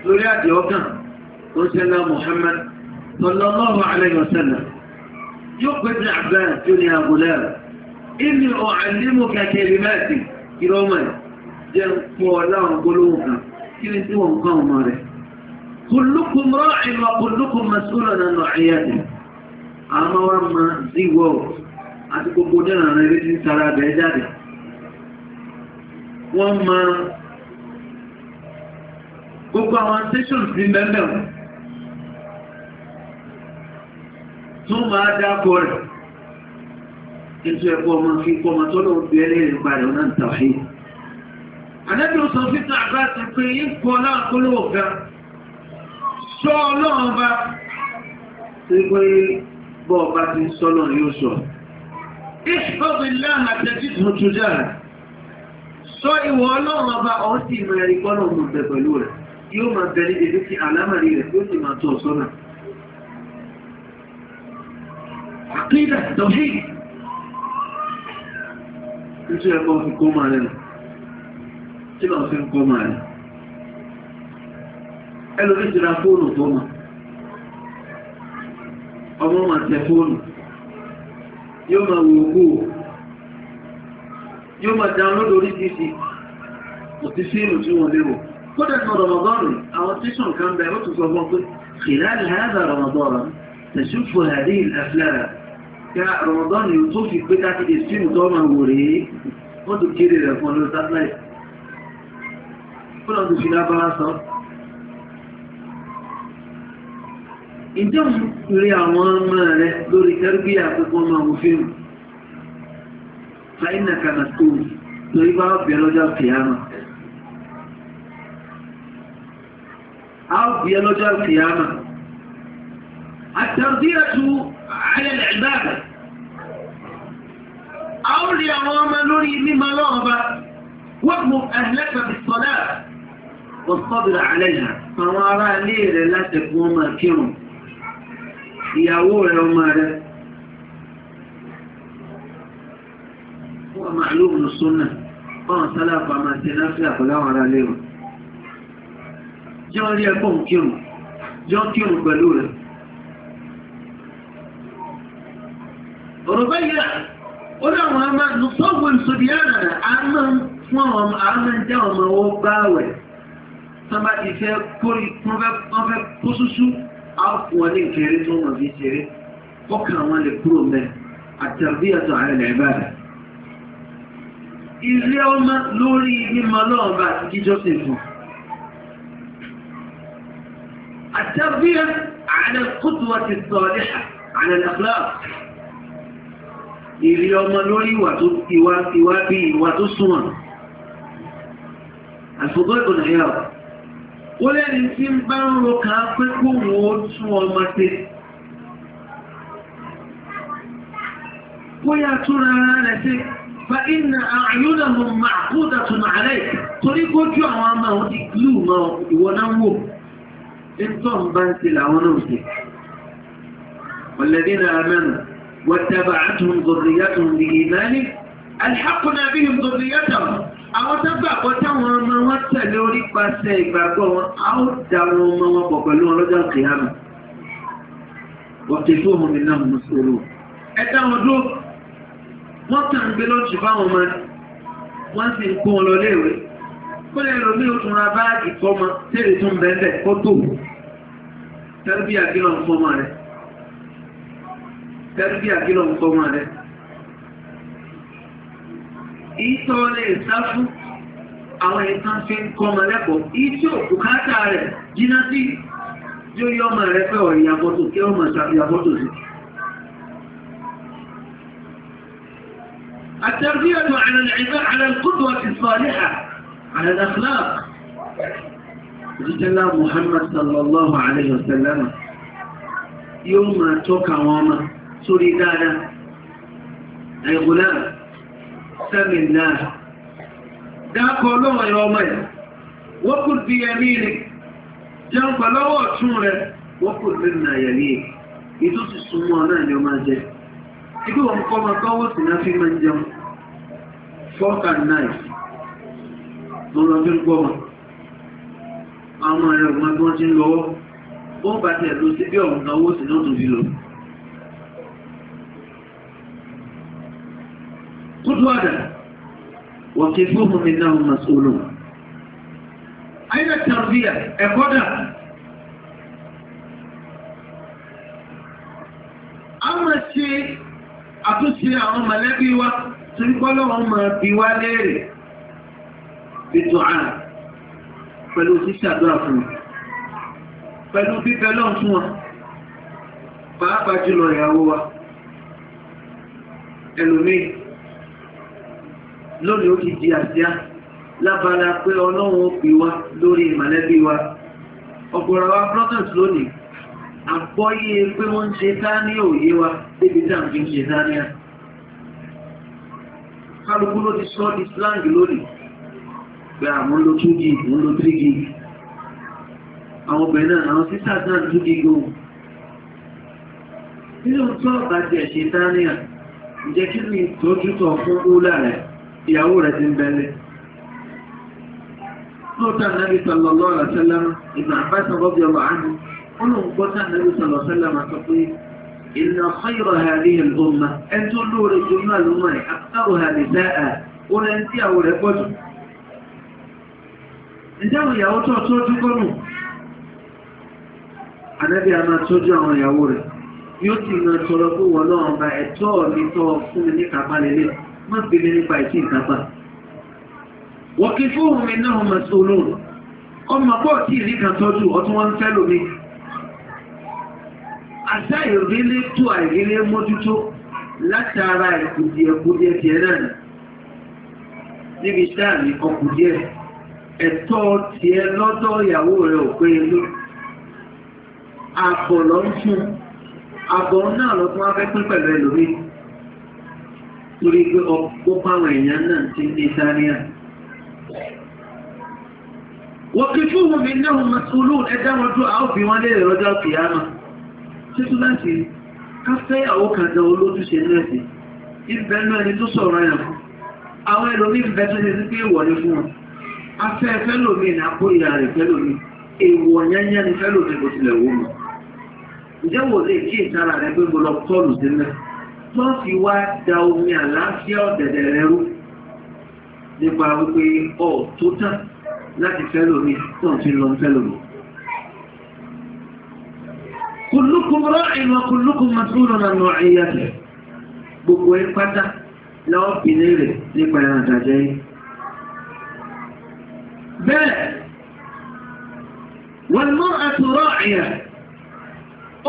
lórí àdìọ́kàn ó ń sẹ́lá Muhammad صلى الله عليه وسلم يقبل ابن عباس قل يا غلام إني أعلمك كلماتي كلمة جنفوا لهم قلوبا كلمتهم قوم عليه كلكم راع وكلكم مسؤول عن رعيته أما وما زيوه أتكون بودنا نريد سرى بيجاده وما gbogbo àwọn station ti bẹ́ẹ̀ bẹ́ẹ̀ tó máa dákọ̀ rẹ̀ ètò ẹ̀kọ́ ọmọ fi kọ́ ọmọ tó lọ bí ẹlẹ́rìí parẹ́ ọ̀nà ìtàwáyé. àdébí ó sọ fíta àgbà ti pé ikọ̀ náà kó lówó ga sọ ọlọ́run bá ṣe pé bọ́ọ̀bá ti ń sọ́lọ̀ yóò sọ. ìfọ̀bìláhà tẹ̀sí tuntun dára sọ ìwọ ọlọ́run ọba ọ̀hún sì máa rí kọ́nà ọmọ bẹ̀ pẹ̀lú rẹ̀ yóò máa bẹ níbi àlámàrí rẹ̀ yóò sì máa tọ̀ sọ́nà. عقيدة توحيد انتوا يا في حكومة علينا تبقى في حكومة علينا يعني. قالوا انت إيه لا تكونوا حكومة عموما تكونوا يوم máa يوم kú o yóò máa dáwọn lórí títí kò ti fíìmù tí wọ́n خلال هذا رمضان تشوف هذه الأفلام ya rọ̀mọ̀dán ni tó fi pé láti ìsìnkú tó máa wò rèé wọ́n tó kéré rẹ̀ fún ọdún satellite fúnà tó fi lábára sọ ìjọ́ rí àwọn ọmọ rẹ̀ lórí kẹrìbí àkókò ọmọ àwọn fíìmù fàínà kànà tóbi lórí bá bẹ̀rẹ̀ lọ́jọ́ kìíyàmà á bẹ̀rẹ̀ lọ́jọ́ kìíyàmà التربية على العبادة أولي أمام نري مما رغب واغمر أهلك بالصلاة والصبر عليها فوارى ليلة لا تكون كيرم يا أول عمر هو معلوم السنة قال صلاة فما تنافع فلا وراء ليلة جاري أكون كيرم جاري كيرم بلورة ó dáwọn a máa lùtọ́ wo ìsòdì ànàdà a máa ń fún àwọn a máa ń já ọmọ wọn bá wẹ̀ sábà ìfẹ́ kórì wọ́n fẹ́ kó súsú á fún wọn ní ìkéré tó wọn fi ṣeré kọ́kàn wọn lè kúrò mẹ́ àtàbí àtọ̀ àrẹ̀lẹ̀ ìbàdàn ilé ọmọ lórí mímọ̀ lọ́ọ̀bà àti jíjọ́sìn fún. Àtàbíyà àrẹ kútùwà ti sọ̀rọ̀ àrẹ àkùlá èrè ọmọ lórí ìwà tó ìwà ìwà bí ìwà tó súnmọ́ àfọgbọ́ ìgbọ̀nà yà ó ó lẹ́ni tí ń bá ń ro kàá pé kóhùn ó tún ọmọ ṣe bóyá túnra ara rẹ̀ ṣe fa màkúdà tún àárẹ̀ torí kójú àwọn ọmọ àwọn ti glú mọ ìwọ náà wò nítorí bá ń ṣe làwọn náà ṣe ọ̀lẹ́dínlá amẹ́nu واتبعتهم ذريتهم بإيمان ألحقنا بهم ذريتهم àwọn tágbàgbọ́ táwọn ọmọ wọn tẹ̀lé orípasẹ̀ ìgbàgbọ́ wọn á ó da àwọn ọmọ wọn pọ̀ pẹ̀lú wọn lọ́jọ́ kìíyàmù ọ̀tẹ̀ tó hùn mí náà mú sòrò ẹ dáwọn dúró wọ́n kàn ń gbé lọ́ọ̀tì fáwọn ọmọ wọn sì ń kó wọn lọ léèwé kó lè lò ní oṣù ra báàgì fọmọ tẹ́lẹ̀ tó bẹ́ẹ̀ bẹ́ẹ̀ kó tó tẹ́lẹ̀ bí àgbélọ̀ fọmọ rẹ̀. ترجع كلا مطمئنة إيسو لإستاشو أو إيسان سين كوما لكو إيسو بخاتة عالي جيناتي جو يوم عرفة ويابوتو كيوما شاب يابوتو سي التربية على العباء على القدوة الصالحة على الأخلاق رسول محمد صلى الله عليه وسلم يوم توكا وما sórí dáadáa ẹ̀gbọ́n náà sẹ́mi náà dákọ̀ ọlọ́wọ́ ẹ̀rọ ọmọ ẹ̀ wọ́n kò di ẹ̀mí rẹ̀ jẹun pẹ̀lú ọwọ́ ọ̀tún rẹ̀ wọ́n kò lè nà yẹ̀rí ẹ̀ ètò sì súnmọ́ náà ni ó máa jẹ ibi knife mo lọ fi ń gbọ́ wọn àwọn ọmọ rẹ̀ ọ̀gbọ́n tí wọ́n ti ń lọ́wọ́ wọ́n bá tiẹ̀ sí bí ọ̀hún náà owó tó fi lọ. خذوا هذا وكفوهم إنهم مسؤولون أين التربية إخوانا أما الشيء أتسري àwọn mọ̀lẹ́bí wa tí ń wọn ma biwa wá léèrè ètò àrùn pẹ̀lú ṣíṣàdúrà fún wọn pẹ̀lú bíbẹ̀ lọ́n fún wọn pàápàá jùlọ wa lónìí ó ti di àsíá lábala pé ọlọ́run ó pè wá lórí mọ̀lẹ́bí wa ọ̀pọ̀lọpọ̀ wa brothers lónìí àgbọ́yé pé wọ́n ń ṣe tání òye wa débi tí à ń fi ń ṣe tání à. kálukú ló ti sọ di slang lónìí pé àwọn ló tún gi òun ló tún àwọn obìnrin náà àwọn sisters náà tún gi nínú tó ọ̀gá tiẹ̀ ṣe tání à ǹjẹ́ kí ni ìtọ́jú tó fún ó lára ìyàwó rẹ̀ ti ń bẹ̀lẹ̀ lóòótọ́ nàbí sọlọ́lọ́ àlàsẹ́lá ìgbà àbáṣọ bọ́bí ọba àánú ó lóun gbọ́ tá nàbí sọlọ́sẹ́lá máa sọ pé ìnà ọ̀yọ̀rọ̀ ha ní ẹ̀lọ́mà ẹni tó lóore ju inú àlùmọ́ ẹ̀ àkọ́rọ̀ ha lè dá à ó lẹ́ ní ìyàwó rẹ̀ pọ̀ jù. ǹjẹ́ àwọn ìyàwó tó ànábì àmà tójú àwọn ìyàwó rẹ̀ yóò tọrọ náà ọba ẹ̀tọ́ má bèèrè nípa ìṣe ìkápá. wọ́kí fóònù mi náà máa so olóòrùn ọmọ pọ̀ tí ìrí kan tọ́jú ọtún wọn ń fẹ́ lómi. àṣà ìrírí tó àìrírí mójútó látara ìkùdìẹ̀kùdìẹ̀ tiẹ̀ náà nì. níbi sáà ní ọkùdìẹ̀ ẹ̀tọ́ tiẹ̀ lọ́dọ̀ ìyàwó rẹ̀ ò pé ló. àbọ̀ lọ́ ń fún àbọ̀ náà lọ́tún wá fẹ́ pín pẹ̀lú ẹlòmíì. torí pé ó fáwọn èèyàn náà ti ní sáríà. wọ́kí fún wọn mi náà mọ̀sùlù ẹ̀dá wọn tó àwọn òbí wọn láti káfẹ́ àwọn olójúṣe náà sí ibẹ̀ náà ẹni tó sọ̀rọ̀ fún àwọn tó ṣe sí pé ìwọ̀lé fún wọn afẹ́ ìyá rẹ̀ èèwọ̀ yányá ni tilẹ̀ má fi wá da omi àlàáfíà ọ̀dẹ̀dẹ̀ rẹ rú nípa wípé ọ̀ tó tán láti fẹ́ lómi náà ti lọ fẹ́ lómi. kullukum ra'in wa kullukum mas'ulun 'an ra'iyyatihi gbogbo ẹ pátá lọ́wọ́ pìlẹ̀ rẹ̀ nípa ẹran àtàjẹ́ yìí. bẹ́ẹ̀ wal mar'atu ra'iyyah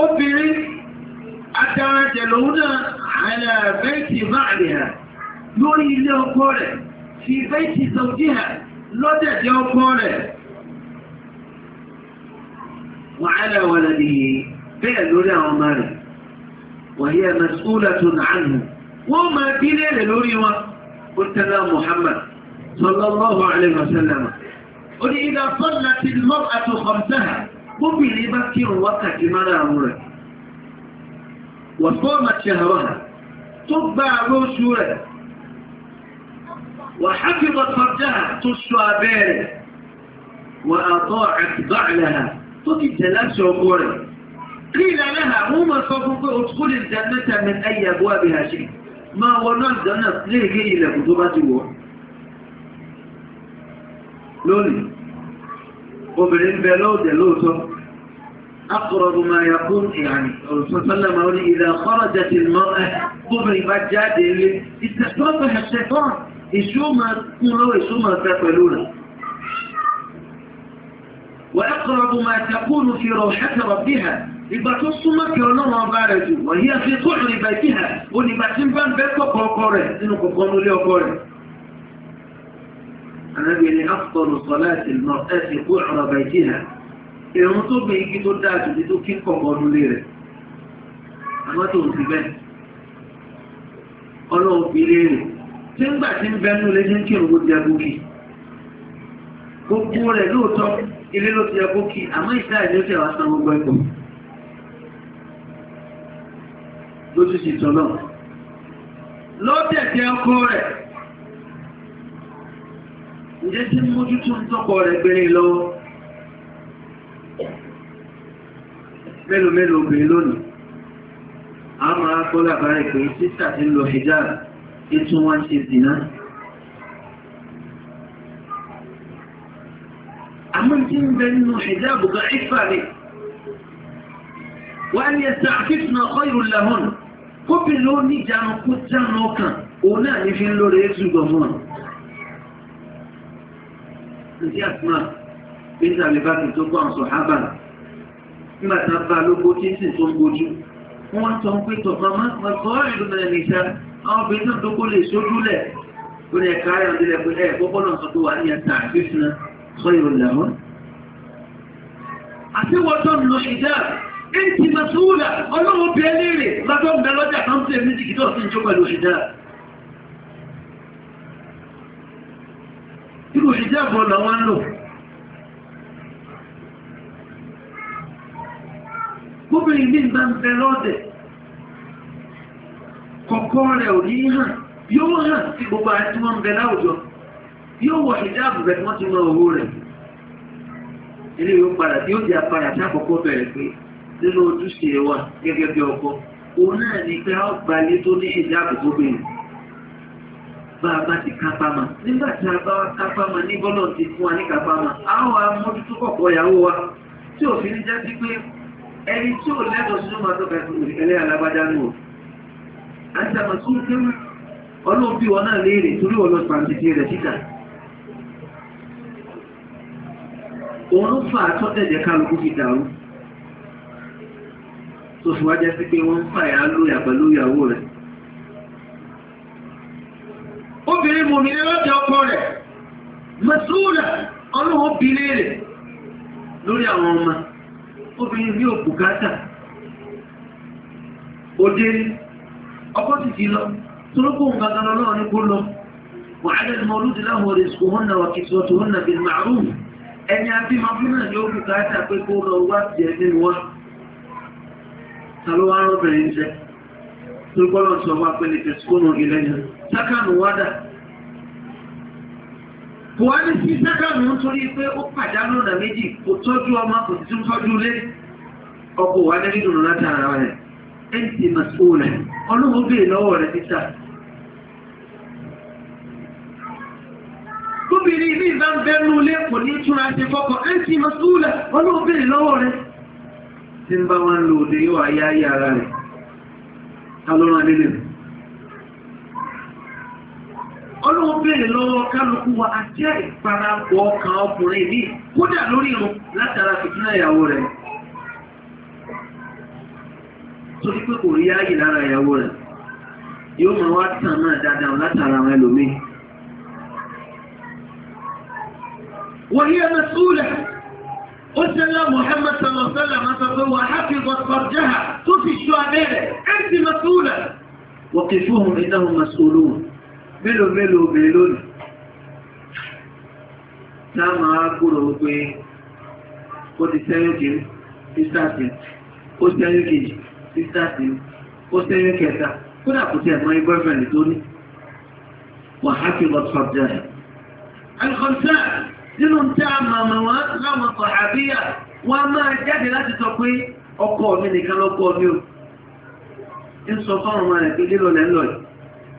obìnrin àtàràjẹ̀ lòun náà على بيت بعضها لوري اللي هو قوله في بيت زوجها لودع جو قوله وعلى ولده فعل له عمر وهي مسؤولة عنه وما دليل لوري ما قلت لا محمد صلى الله عليه وسلم قل إذا صلت المرأة خمسها قبل بكر وقت مرامورك وصامت شهرها tó gba àwọn oṣù rẹ̀ wà hákìmọ̀ tọ́jà tó sọ abẹ́ rẹ̀ wà àtọ́ àtìgbà àlàhà tó ti jẹ̀ láti ọkọ rẹ̀ kí ìlànà àwọn ọmọ sọ fún pé òtúkú lè jẹ mẹ́ta mi ayé àbúrò àbí àṣẹ máa wọ náà dáná lè gé ilẹ̀kùn tó bá ti wọ̀ lónìí obìnrin bẹ lóòjẹ lóòótọ́ أقرب ما يكون يعني الرسول صلى الله عليه وسلم إذا خرجت المرأة قبل بجادة يعني استشرفها الشيطان إشو ما تقولوا إشو ما تقولون وأقرب ما تكون في روحة ربها إبعتوا الصمك ونرى بارده وهي في قعر بيتها وإني بعتين بان بيتها كوكورة إنه كوكونوا ليه كوكورة النبي لأفضل صلاة المرأة في قعر بيتها ìrún tó igi tó dáa jù tó kí kọ̀ọ̀kan ọdún rẹ̀ àmọ́ tó ń ti bẹ́ẹ̀ ọlọ́run fi léèrè tí ń gbà tí ń bẹnu ní kí òun gòkè gbogbo rẹ̀ lóòótọ́ ilé ló ti jẹ gòkè àmọ́ ìta ìlú tẹ̀ wá san gbogbo ẹ̀kọ́ lójú ti ọkọ rẹ̀ ǹjẹ́ tí mójútó ń tọkọ rẹ̀ mélòó mélòó obìnrin lónìí a máa kọ́ lábárẹ̀ pé sísà ti lọ hijab tí tún wọ́n ṣe dìná. àmọ́ tí ń bẹ nínú hijab gan ifa rẹ̀ wà ní ẹsẹ̀ àfihàn ọkọ̀ ìrù làwọn kóbi ló ní ìjánu kó jánu ọkàn òun náà ní fi ń lórí èsù gbọ̀ngàn. ǹjẹ́ àtúmọ̀ bí ń tàbí bá ti tó kọ́ àwọn sọ̀hábà náà nígbà tí wọ́n bá lógbó kí n sì tó ń gbojú. wọ́n sọ pé tọ̀fà máa ń kọ́ ìlú mẹ́rin nìṣá àwọn obìnrin náà dókó lè sójú lẹ̀ ó ní ẹ̀ka ayọ̀ nílẹ̀ pé ẹ̀ kọ́kọ́ náà sọ pé wà ní ẹ̀ta àgbẹ̀sìn náà sọ ìrọ̀lẹ́ àwọn. àtiwọ́tọ́ ń lo ìjà ẹ̀ǹtì masuula ọlọ́wọ́ bí ẹni rè lọ́dọ̀ ń bẹ lọ́jà kan tó èmi jìkì tó bóbìnrin ní ìgbà ń bẹ lọ́dẹ̀ kọ̀kọ́ rẹ̀ ò ní hàn yóò hàn sí gbogbo àti tí wọ́n ń bẹ láwùjọ yóò wọ ìdáàbò rẹ̀ tí wọ́n ti mọ owó rẹ̀ ilé yóò padà tí ó di apáyà tí àkọ́kọ́ bẹ̀rẹ̀ pé nínú ojúṣe wa gẹ́gẹ́ bí ọkọ òun náà ní pé a ó gbalé tó ní ìdáàbò bóbìnrin bá a bá ti kápámà nígbà tí ní bọ́lọ̀ ti fún wa ní kápámà a ó wa kọ̀kọ́ ìyàwó wa tí òfin jẹ́ sí pé ẹni tí ò lẹ́tọ̀ọ́ sínú máa tọ́ka ẹlẹ́ alágbájá nù àtàmà tó kéwù ọlọ́run bí wọn náà léèrè torí wọn lọ pàǹtìtì rẹ̀ síta òun fà á tọ́tẹ̀jẹ̀ kálukú dàrú tó fi wájá sí pé wọ́n ń lóyà pẹ̀lú ìyàwó rẹ̀ obìnrin mòmí obìnrin ní òbùkátà òde ọkọ̀ sì lọ torókò ń gbàgbà lọ́wọ́ ní kó lọ wàhálà ni mọ̀lúdì láwọn hàn náà tó hàn náà bí màrú ẹni abímọ fún náà ní òbùkátà pé kó lọ wá tiẹ̀ nínú wa tàbí tó sọ wá ilẹ̀ yẹn buhari sí instagram ń pé ó pàdánù ọ̀nà méjì kò tọ́jú ọmọ kò sí tún tọ́jú lé ọkọ̀ wà ní dídùn láti rẹ̀ ẹ̀ǹtì màsíwò rẹ̀ ọlọ́run bèèrè lọ́wọ́ rẹ̀ títà. ilé ń bẹ́ nú ilé kò ní túnra ṣe fọ́kọ̀ màsíwò rẹ̀ bèèrè lọ́wọ́ rẹ̀. tí ń bá wọn béèrè lọ́wọ́ kálukú wa àti ìparapọ̀ ọkàn ọkùnrin ní kódà lórí irun látara fìtínà ìyàwó rẹ̀ torí pé kò rí ààyè lára ìyàwó rẹ̀ yóò máa wá tàn náà dáadáa látara àwọn ẹlòmíì. وهي مسؤولة أسلى محمد صلى الله عليه وسلم أتقوى وحفظت فرجها تفي الشعبية أنت مسؤولة وقفوهم إنهم مسؤولون mélòó mélòó obìnrin lónìí tá a máa kúrò pé ó ti sẹ́yìn kiri sísá sí ó sẹ́yìn kejì sísá sí ó sẹ́yìn kẹta kódà kò tiẹ̀ mọ ẹgbẹ́ fẹ̀lẹ̀ tó ní wàhálà lọ́tọ̀ I'm concerned nínú tí a máa mọ̀ wọ́n láwọn sọ̀ àbíyà wọ́n á máa jáde láti sọ pé ọkọ mi nìkan lọ́kọ mi ò ń sọ fáwọn ọmọ pé lílọ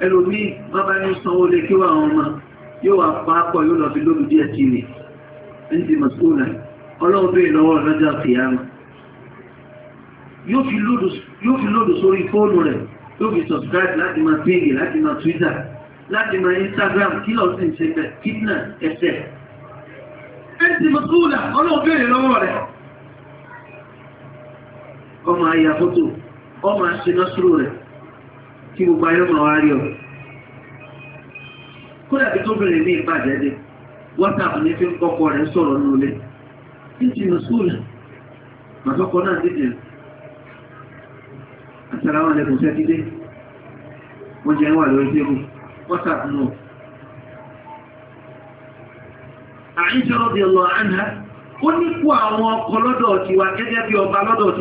ẹlòmí wọ́n bá ní sanwó lé kí wọ́n ọmọ yóò wà pàápọ̀ yóò lọ fi lóbi díẹ̀ tí rè ń di mọ̀síkòlà ọlọ́run bèèrè lọ́wọ́ lọ́jọ́ kìyàmù yóò fi lódò sórí fóònù rẹ̀ yóò fi subscribe láti máa péye láti máa Twitter láti máa Instagram kí lọ́ọ̀ sì ń ṣe bẹ̀ kidna ẹsẹ̀ ń di mọ̀síkòlà ọlọ́run bèèrè lọ́wọ́ rẹ̀ ọmọ àyà fótó ọmọ àṣẹ náà sóró rẹ̀ kí gbogbo ayé ọmọ wa rí ọ. kódà tóbìnrin ní ìbàjẹ́ dé wọ́tàpù ní fi ń kọ́kọ́ rẹ̀ sọ̀rọ̀ títí náà dídì wọ́n jẹ́ wà lórí tébù wọ́tàpù náà. àìsàn àná ó ní kó àwọn ọkọ̀ lọ́dọ̀ gẹ́gẹ́ bí ọba lọ́dọ̀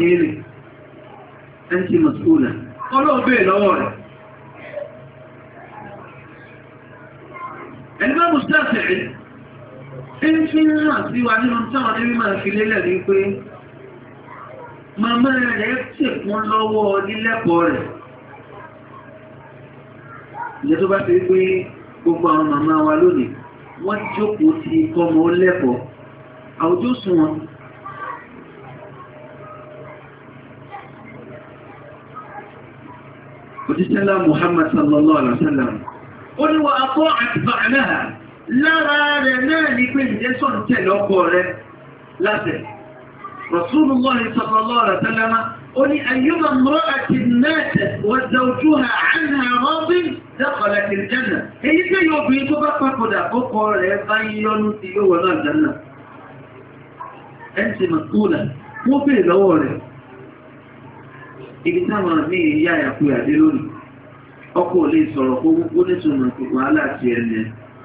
mọ̀ ọlọ́ọ̀bẹ̀ lọ́wọ́ rẹ̀. ìmáàmù Ṣáfi'í ń fi ń hàn sí wa nínú táwọn ẹbí máa fi lélẹ̀ ní pé màmá rẹ̀ tẹ̀kún lọ́wọ́ lílẹ́kọ̀ọ́ rẹ̀ ìyẹn tó bá ṣe pé gbogbo àwọn màmá wa lónìí wọ́n jókòó ti kọ́mọ lẹ́kọ̀ọ́ àwùjọ sùn wọn. òjíṣẹ́ ńlá Muhammad sallallahu alaihi wa sallam ó ní wa akọ́ àti bàálẹ́ lára rẹ̀ náà ní pé ìjẹ́ sọ̀rọ̀ tẹ̀lé ọkọ rẹ̀ lásẹ̀. Rasulullah sallallahu alaihi wasallam ó ní ayyuma imra'atin matat wa zawjuha 'anha radin dakhalat al-janna. Èyí tẹ́ yóò bí tó bá papòdà ọkọ rẹ̀ bá ń yọnu sí yóò wọ náà jẹ́nà. Ẹ ń ṣe màkúlà, wọ́n bèèrè lọ́wọ́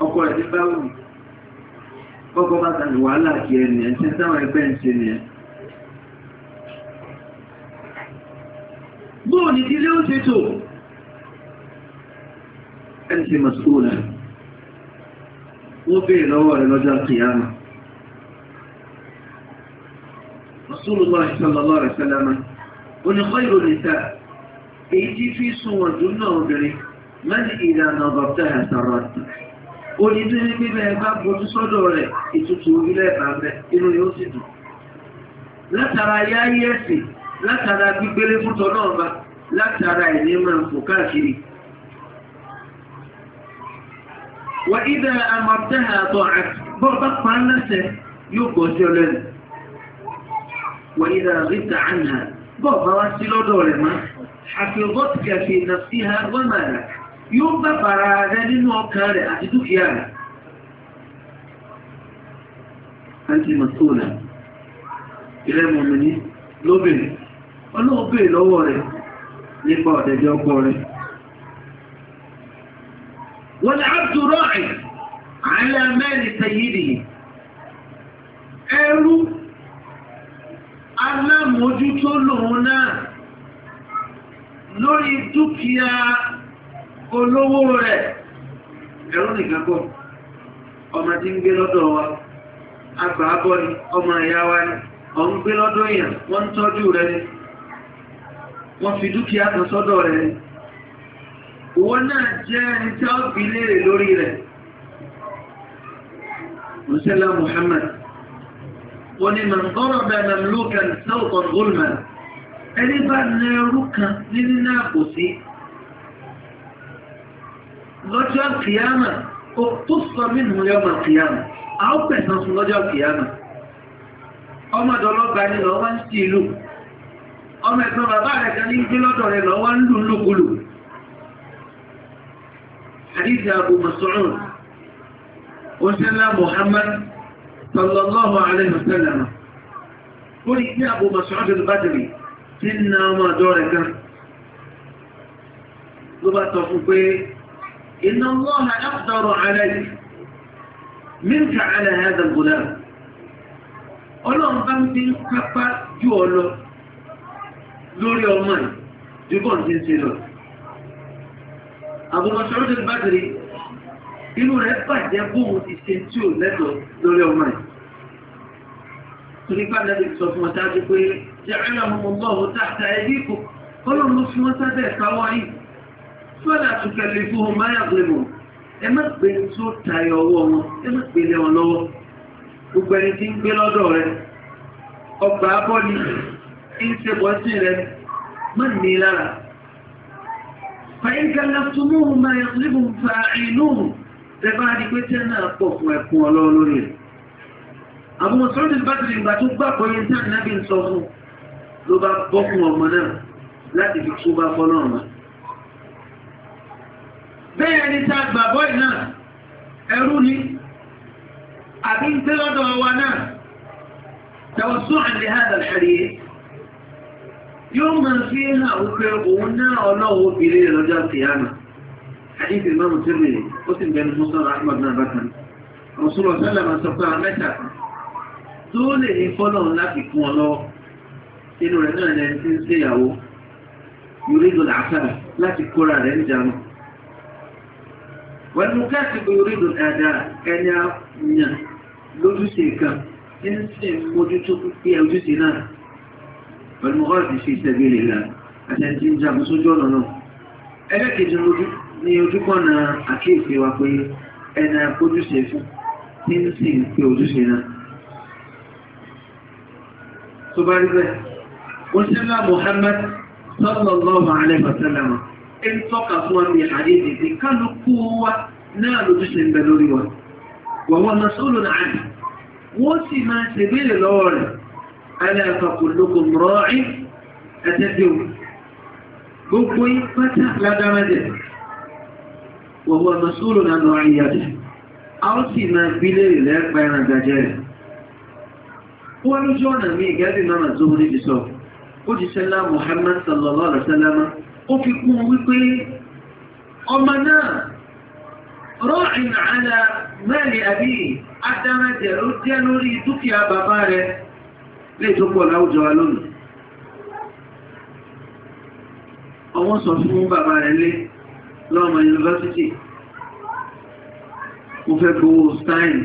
ọkọ rẹ̀ ti bá wù kọ́kọ́ bá tàbí wàhálà kí ẹni ẹ̀ ṣe táwọn ẹgbẹ́ ń ṣe nìyẹn. bóò ní ilé ó ṣe tò ẹni ṣe mọ̀sùkúrò náà wọ́n béèrè lọ́wọ́ rẹ̀ lọ́jọ́ kìíyàmà Rasulullah sallallahu alaihi wasallam ó ní kọ́ ìròyìn ta èyí tí fi sunwọ̀n dùn náà obìnrin mẹ́rin ìlànà ọ̀bọ̀tẹ́ àtàrà ọ̀tẹ̀ onídìrí gbígbẹ́ ẹgbá gbojú sọ́dọ̀ rẹ̀ ìtutù orílẹ̀ ìbàmẹ́ inú ni ó sì dùn. látara yáyí ẹ̀sìn látara gbígbélé fútọ̀ náà bá látara ìní máa fò káàkiri. wà ìdá amọ̀tẹ́hà àtọ̀ àgbọ̀ bá pa á lẹ́sẹ̀ yóò gbọ́ sí ọ lẹ́nu. wà ìdá rita àná bọ́ọ̀ bá wá sí lọ́dọ̀ rẹ̀ mọ́ àfihàn bọ́ọ̀tì kẹfì nàfíà wọ́n máa rà. yóò bàbàrà rẹ nínú ọkàn rẹ̀ àti dúkìá rẹ̀ àti mọ̀tòlá ilẹ̀ mọ̀mìnì lóbìnrin ọlọ́ọ̀bẹ̀ lọ́wọ́ rẹ̀ nípa ọ̀dẹ̀dẹ̀ ọkọ rẹ̀ wọ́n abdu ra'i ala mali sayyidihi ẹrú alámójútó lòun náà lórí dúkìá olówó rẹ̀ ẹ̀rọ nìkan kọ́ ọmọ tí ń gbé lọ́dọ̀ wa àgbà abọ́ ni ọmọ ìyá wa ni ọ̀ ń gbé lọ́dọ̀ èèyàn wọ́n ń tọ́jú rẹ̀ ni wọ́n fi dúkìá kan sọ́dọ̀ rẹ̀ ni owó náà jẹ́ ẹni tí ó bí léèrè lórí rẹ̀ musala muhammad wọ́n ni mọ̀ngọ́rọ̀ bẹ́ẹ̀ mamlúkan sọ́ọ̀kan gulman ẹni bá nẹ́rú kan nínú náà kò sí lọ́jọ́ kìíyàmà tó sọ mínú yọmọ kìíyàmà a ó pẹ̀sán fún lọ́jọ́ kìíyàmà ọmọdọ̀lọ́gba ni lọ wá ń sí ìlú ọmọ ẹ̀gbọ́n bàbá rẹ̀ kan ní gbé lọ́dọ̀ rẹ̀ lọ wá ń lù lùkulù àdíjà Abu Mas'ud òṣèlá Muhammad sallallahu alaihi wasallam orí ní Abu Mas'ud al-Badri tí ń na ọmọ rẹ̀ kan ló bá sọ fún pé إن الله أقدر عليك منك على هذا الغلام ọlọ́run bá ń bí kápá jù ọ lọ lórí ọmọ ẹ̀ ju bọ́ọ̀n ti ń ṣe lọ. àbúrò ṣọ́rọ́ bá tẹ̀lé inú rẹ̀ bàjẹ́ bóun ti ṣe tí ò lẹ́tọ̀ lórí ọmọ ẹ̀. torípa náà lè sọ fún pé jẹ́ ẹ̀rọ ọmọ ọgbọ́n fọ́nà àtúkẹ̀lẹ̀ fún ọmọ ayàgbẹ̀mọ̀ ẹ má gbé tó tayọ ọwọ́ wọn ẹ má gbé lé wọn lọ́wọ́ gbogbo ẹni tí ń gbé lọ́dọ̀ rẹ ọgbà abọ́ni ń ṣe bọ́ sí rẹ má ní lára fàyínká lásùmùhùn máa yàgbẹ̀mọ̀ fa inú rẹ bá di pé tẹ́ náà pọ̀ fún ẹ̀kún ọlọ́wọ́ lórí rẹ àwọn mùsùlùmí bá ti lè gbà tó gbà pé yẹn tí ló bá bọ́ fún ọmọ náà láti fi túbá fọ́ náà máa bẹ́ẹ̀ ni tá gbàgbọ́ ì náà ẹrú ni àbí ń tẹ́ lọ́dọ̀ wa náà tẹ̀wọ̀sùn àdìhàdà ṣàríyé yóò máa fi hàn wípé òun náà ọlọ́wọ́ obìnrin lọ́jọ́ kìíyàmà حديث الإمام الترمذي قسم بين المصنع أحمد بن بكر رسول الله صلى الله عليه وسلم mẹ́ta tó lè ní fọ́lọ́run láti fún ọ lọ́wọ́ inú rẹ̀ náà ní ẹni tí ń ṣèyàwó yorùbá láti kóra rẹ̀ ń jàmù والمكاتب يريد الأداء أن يأمن لجسك إنسان موجود في أوجسنا والمغادر في سبيل الله عشان تنجا بسجون الله ẹlẹ́kejì ni ojúkọ̀nà ah, àkíyèsí wa pé ẹni àpójúṣe fún tí ń sì ń pé ojúṣe náà tó bá rí bẹ́ẹ̀ ó ṣe ńlá Muhammad sallallahu alaihi wa sallam ń tọ́ka fún wa ní àdéhùn ìdí kálukú wa náà ló tún ṣe ń bẹ lórí wa wàwọn masóòlù náà àná wọ́n sì máa ṣe béèrè lọ́wọ́ rẹ̀ aláàfàkùnlókùn rọ́ọ̀ì ẹ̀tẹ́tẹ́ o gbogbo yín pátá ládára jẹ wàwọn masóòlù náà lọ àyà jẹ a ó sì máa bí léèrè lẹ́ẹ̀pẹ́ ẹran gàjẹ́ rẹ̀ wọ́n lójú ọ̀nà mi ìgẹ́bí ó fi kún wípé ọmọ náà rọ́ọ̀ìn àlà mẹ́rin àbí adámẹ́jẹ̀ ló jẹ́ lórí dúkìá bàbá rẹ̀ lè tó pọ̀ láwùjọ wa lónìí. ọwọ́ sọ fún bàbá rẹ̀ lé lọ́mọ yunifásitì mo fẹ́ gbowó science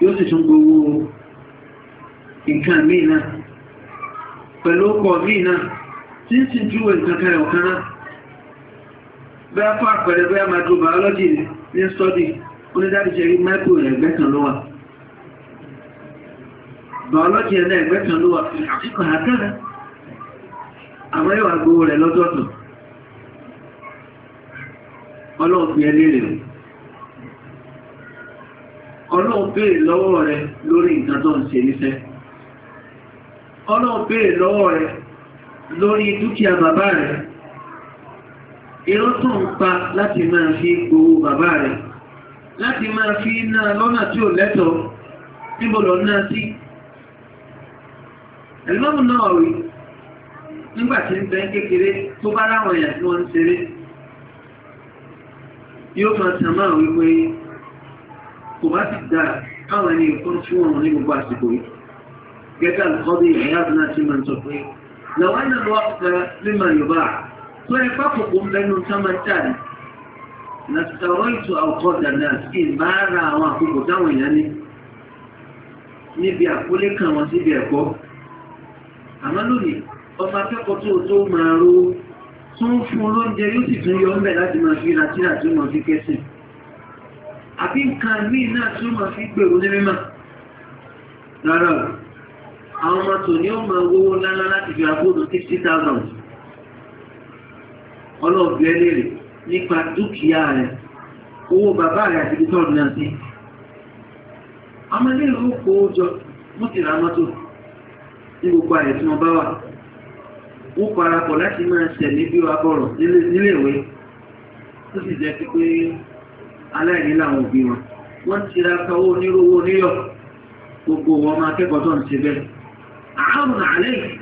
yóò sì tún gbowó nǹkan míì náà pẹ̀lú ọkọ̀ míì náà. tí ń sì jú ọ̀kan náà bí fún àpẹẹrẹ a máa dúró biology ní study onídàbíṣẹ́ rí micro ẹgbẹ́ ló wà biology ẹ̀dá ẹgbẹ́ ló wà àfikọ̀ àkàrà àwọn yóò agbó rẹ̀ lọ́dọ̀ọ̀tọ̀ ọlọ́run lọ́wọ́ rẹ̀ lórí lórí dúkìá bàbá rẹ̀ irọ́ tó ń pa láti máa fi gbowó bàbá rẹ̀ láti máa fi ná lọ́nà tí ò lẹ́tọ̀ọ́ níbo lọ ná sí. ẹ̀lọ́mù náà rí nígbà tí ń bẹ kékeré tó bá láwọn èèyàn tí wọ́n ń ṣeré yóò máa tàn máa wípé kò bá ti dáa káwọn ẹni ìkọ́ tí wọ́n ní gbogbo àsìkò yìí gẹ́gẹ́ àlùkọ́ bí ìyá àbúrò náà ti máa ń sọ pé لو أن الوقت مما يباع فيفقق بين ثمن لاستويت أوقات الناس إن بارا na àkókò táwọn èèyàn ní si àkólé kan wọn síbi ẹ̀kọ́ n'i. lónìí ọmọ akẹ́kọ̀ọ́ tó tó máa ro tún fún lóúnjẹ yóò sì tún yọ ń bẹ̀ láti máa fi láti fi kẹ́sìn àwọn ọmọ tò ní ọmọ owó láti fi agbóòdù sixty thousand ọlọ́ọ̀bí nípa dúkìá rẹ̀ owó bàbá rẹ̀ àti bíkọ́ ọ̀dún náà sí. ọmọdé kó o jọ wọ́n mọ́tò ní gbogbo àyè tí wọ́n bá wà wọ́n parapọ̀ láti máa ṣẹ̀lẹ̀ bí wàá bọ̀rọ̀ níléèwé tó sì jẹ́ pé aláìní làwọn òbí wọn wọ́n ti ra kawó gbogbo wọn máa kẹ́kọ̀ọ́ tó ń ṣe عرض عليك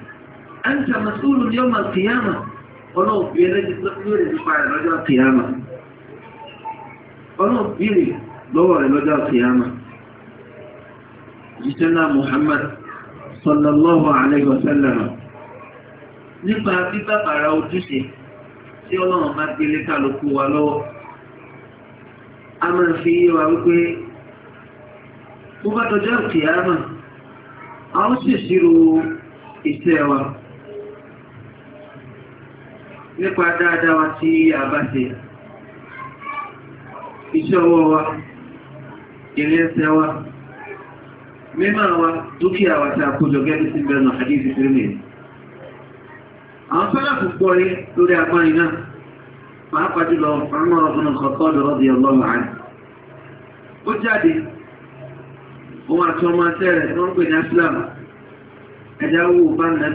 أنت مسؤول يوم القيامة ọlọ́run fi ẹlẹ́gbẹ̀rẹ̀ nípa rẹ̀ lọ́jọ́ kìíyàmà ọlọ́run bèèrè lọ́wọ́ rẹ̀ Muhammad sallallahu alaihi wa sallam a ń ṣèṣirò iṣẹ́ wa nípa dáadáa wa tí a bá ṣe iṣẹ́ ọwọ́ wa ìrìn ẹsẹ̀ wa mímọ̀ wa dúkìá wa tí a kójọ gẹ́gẹ́ sí bẹ́ẹ̀ náà àdí ìfìfìrí mi àwọn fẹ́lá púpọ̀ rí lórí agbárin náà pàápàá jùlọ àwọn ọmọ ọkùnrin kọ̀ọ̀kọ́ lọ́dọ̀ ọlọ́run àná ó jáde òun àti ọmọ tẹ́rẹ̀ tó ń pè ní aslam ẹjá wò bá nà